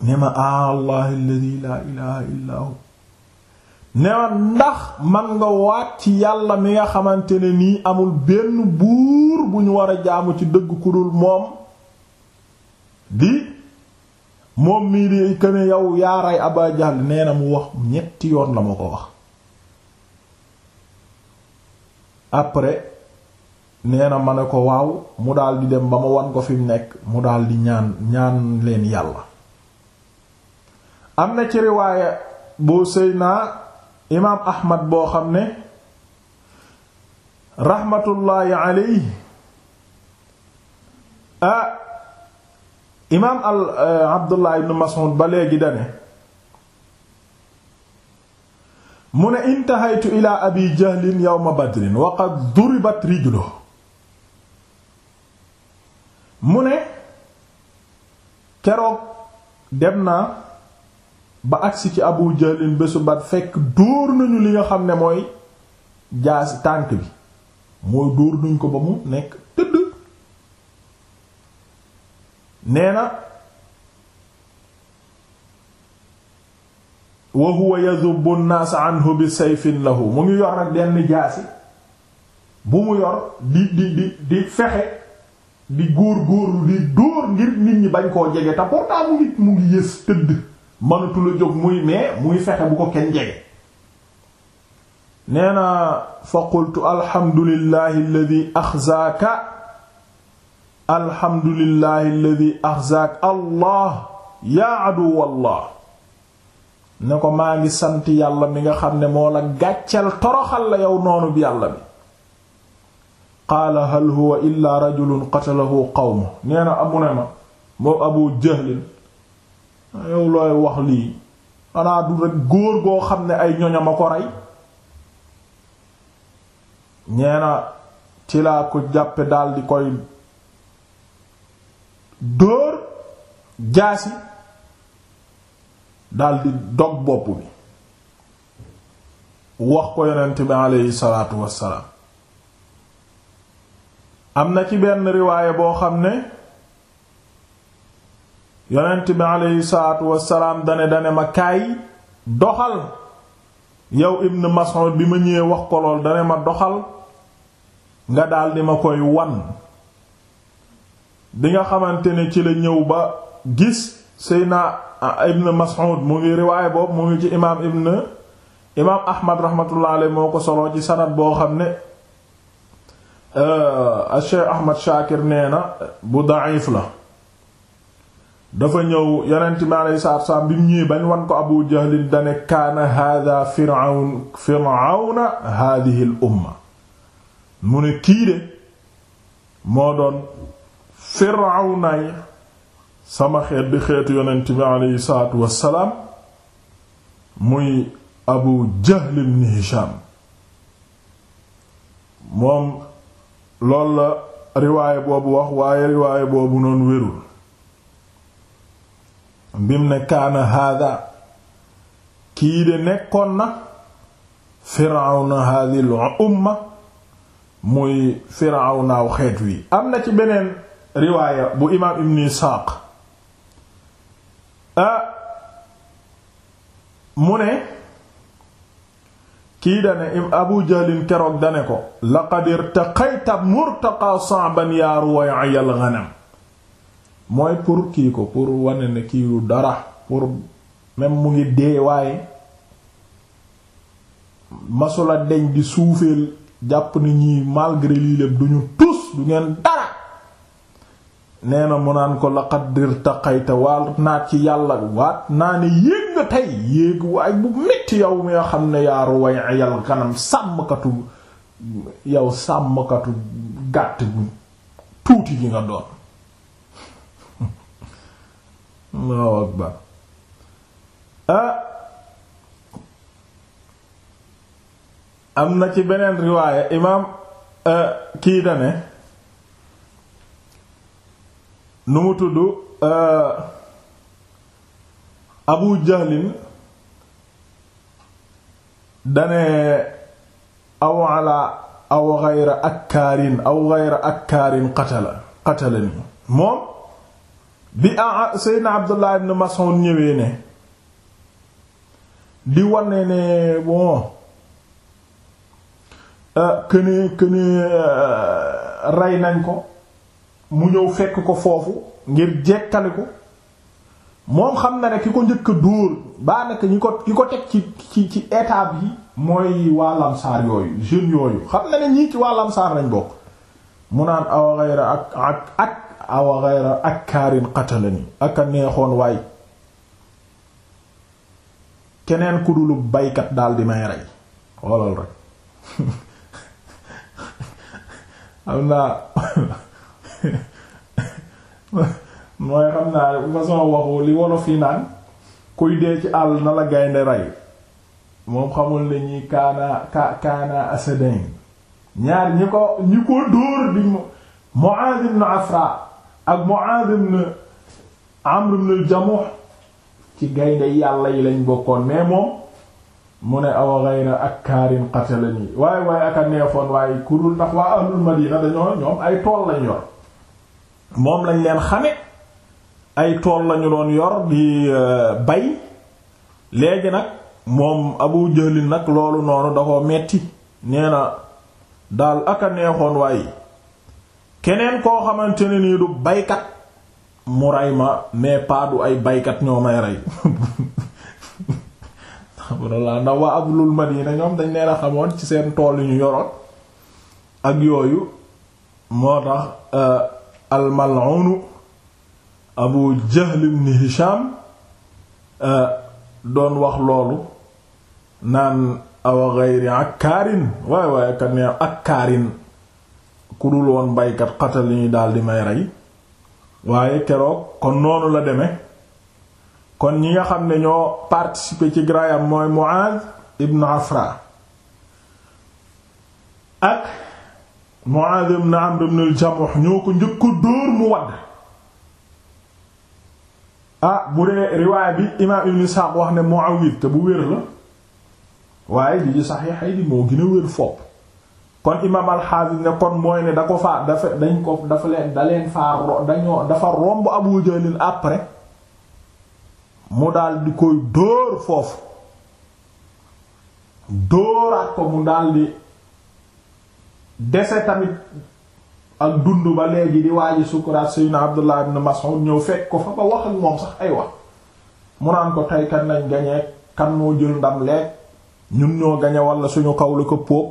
ne ma allahi alladi laa ilaha illaa hu ne ma ndax man nga waat ci yàlla mi nga xamante ne nii amul benn buur bu ñu war a jaamu ci dëgg ku dul moom di moom mii di këne yow yaa rey Aba mu wax ñetti yoon la ma ko wax après nee ma ne ko waaw mu daldi dem ba ma wan ko fi mu nekk mu daldi ñaan ñaan leen yàlla am na ci riwaaya boo sëy naa imaam Ahmad boo xam ne rahmatullaahi alayhi ah imaam al eh, abdullah ibn mas'ud ba léegi dane mu ne intahaytu ila abi jahlin yow badrin wa qad duribat rijlu mu ne keroog dem naa ba agsi ci abu jahlin bésu bat fekk dóor nañu li nga xam ne mooy jaasi tànk bi mooy dóor nañ ko ba mu nekk nee na wa huwa yadhubbu an-nas bi sayfin lahu mu ngi yor nag benn jaasi bu mu yor di di di di fexe di góor góorlu di dóor ngir nit ñi bañ koo jege te pourtant mu ngi mu ngi yës tëdd mënatul jóg muy mais muy fexe bu ko kenn jege nee na fa qultu alhamdulillahi alladhi akhzaaka alhamdulillahi alladi allah yaa aduwallah ne ko maa ngi sant yàlla mi nga xam ne moo la gàcceel toroxal la yow noonu bi yàlla bi qaala hal huwa illa rajulun qatalahu qawmu nee na amu ne ma moom abu jahlin yow looy wax lii anaa du rekk góor goo xam ne ay ñoñam a ko rey nee na ci laa ko jàppe daldi koy dóor jaasi daldi dog bopp bi wax ko yonent bi aleyhi salaatu wassalaam am na ci benn riwaaye boo xam ne yonent bi aleyhi salaatu wassalaam dane dane ma kaay doxal yow ibn Mas'ud bi ma ñëwee wax ko dane ma doxal nga daldi ma koy wan bi nga xamante ne ci la ñëw ba gis Seyna Ibn Mas'ud mu ngi riwaay boobu mu ngi ci imaam Ibn imaam Ahmad rahmatullah alayhi moo ko solo ci sanad boo xam ne euh, Cheikh Ahmad Shakir nee na bu da'if la dafa ñëw yonent bi alayhi salaatu salaam bi mu bañ wan ko Abu Jahl dane kaana haadaa Fir'awn Fir'awna haadihi al umma mu ne kii de moo doon. firawna yi sama xeet di xeetu yonent bi aleyhi salaatu wassalaam muy abu jahl ibn hisham moom loolu la riwaay boobu wax waaye riwaay boobu noonu wérul bim ne kaana haada kii de nekkoon na firawna haadil umma muy firawnaaw xeet wi am na ci beneen riwaaya bu imaam ibn Isxaaq ah, mu ne kii dane Abu Jahlin keroog dane ko laqad irtaqayta murtaqa sa'ban yaa Ruway'a al-ghanam mooy pour kii ko pour wane ne kii yu dara pour même mu ngi dee waaye masula deñ di suufeel jàpp na ñi malgré lii lépp duñu tus du ngeen dara nee na mu naan ko laqad irtaqayta waal naat ci yàlla waat naa ne yéeg nga tey yéeg waay bu metti yow mi xam ne yaa ruwayal ganam sàmmkatu yow sàmmkatu gàtt bu tuuti gi nga doon ah. am na ci beneen riwaaya imaam ah, kii da nu mu tudd euh, abu jahlin dane aw ala aw ghayra akkaarin aw ghayra akkaarin qatala qatalani moom bi a seydna abdullah ibn mas'ud ñëwee ne di wane ne bon këne euh, këne euh, rey nañ ko mu ñëw fekk ko foofu ngir jekkaliku ko moom xam na ne ki ko njëkk a dóor daanaka ñi ko ki ko teg ci ci ci état bi mooy waa yooyu jeunes yooyu xam na ne ñii ci waa lamsaar lañ bokk mu naan awa ak ak ak ak kaarin qatalani ak a neexoon waay keneen ku dul baykat daal di may rey xoolal rek [LAUGHS] am naa [LAUGHS] [LAUGHS] mooy xam naa façon waxu li wolof yi naan kuy dee ci àll na la gaynde rey moom xamul ne ñi kaana ka ñaar ñi ko ñi ko dóor di Mu'aaz ibn Afra ak Mu'aaz ibn Amr ibn al-Jamuh ci gaynde yàlla yi lañ bokkoon mais moom mu ne awa ghayra akkaarin qatalani waaye waaye aka neefoon waaye kurul ndax waa ahlul Madina dañoo ñoom ay tool lañ yor moom lañ leen xame ay tool lañu doon yor di euh, bay léegi nag moom abu jëlin nag loolu noonu da metti nee na daal aka neexoon waaye keneen koo xamante ne nii du baykat mu rey ma mais pas du ay baykat ñoo may rey alhamdulilah ndax waa ahlul madina ñoom dañ leen a xamoon ci seen tool yu ñu yoroon ak yooyu moo tax euh, almal'un abu jahl ibn hisham euh, doon wax loolu naan awa gayri akkaarin waaye waaye kat nee akkaarin ku dul woon baykat xatal li ñu daal di may rey waaye keroog kon noonu la deme kon ñi nga xam ne ñoo participer ci grayam mooy Mu'adh ibn Afra ak Muaaz ibn Amr ibn al ñoo ko njëkk dóor mu wadd ah bu dee riwaay bi imaam Ibn Sa'd wax ne Muawid te bu wér la waaye li ci saxiixay di moo gën a wér fopp kon imaam al ne kon mooy ne da ko faa dafa dañ ko dafa leen da leen dañoo dafa romb Abu Jahl après mu daal di koy dóor foofu dóoraat ko mu daal di. dese tamit ak dund ba léegi di waaji sukuraat sayyidina Abdullah ibn Mas'ud ñëw fekk ko fa ba wax ak moom sax ay wax mu naan ko tey kan lañ gañee kan moo jël ndam leeg ñun ñoo gañe walla suñu kaw la ko póog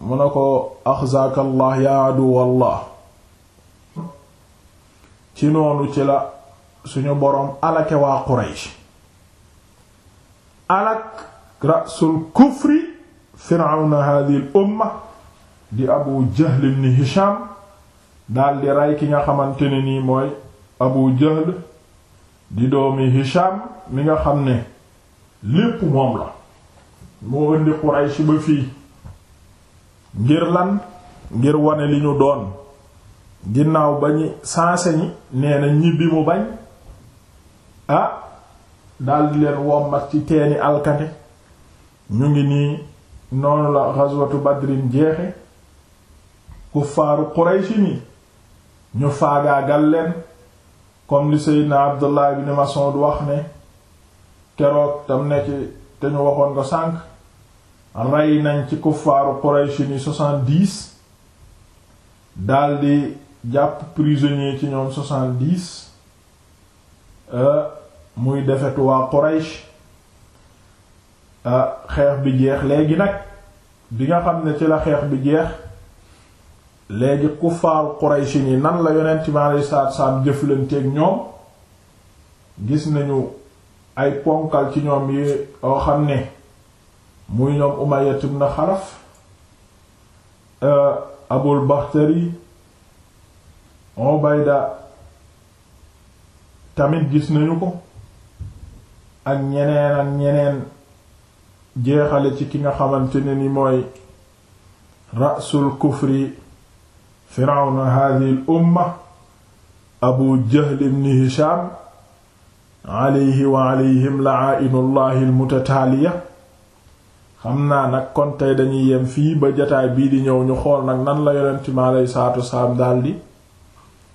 mu ne ko axzaaka ya aduwallah ci noonu ci la suñu boroom alake waa Quraysh alak rasul kufri firawna hadhihi al umma di abu jahl ibn hisham daldi rey ki nga xamante ne nii mooy abu jahl di doomi hisham mi nga xam ne lépp moom la moo indi Quraysh ba fii ngir lan ngir wane li ñu doon ginnaaw ba ñi sanse ñi nee na ñibbi mu bañ ah daldi leen wommat ci teeni alkane ñu ngi nii noonu la ghazwatu Badrin jeexe kuffaaru Quraysh ni ñu faagaagal leen comme li Seydina Abdullah ibn Mas'ud wax ne keroog tam ne ci te ñu waxoon ko sànq rey nañ ci kuffaaru Quraysh ni soixante-dix daldi jàpp prisonnier ci ñoom soixante-dix euh, muy defetu waa Quraysh euh, xeex bi jeex léegi nag bi nga xam ne ci la xeex bi jeex léegi kuffaaru Quraysh ni nan la yonent mi alayhi salaatu salaam jëflanteeg ñoom gis nañu ay ponkal ci ñoom yi oo xam ne muy ñoom Umayya ibn Xalaf euh, Abul Bakhtari Ubayda tamit gis nañu ko ak ñeneen ak ñeneen jeexale ci ki nga xamante ne ni mooy rasul kufri firawna hadihi al umma abu jahl ibn hisham alayhi wa alayhim la'ainullahi al mutataaliya xam naa nag kon tey dañuy yem fii ba jataay bii di ñëw ñu xool nag nan la yonent mi alayhi salaatu wasalaam daldi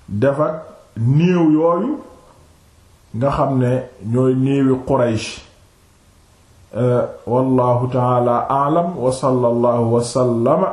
def ak néew yooyu nga xam ne ñooy néewi Quraysh wallahu taala a'lam wa sallallahu wa sallama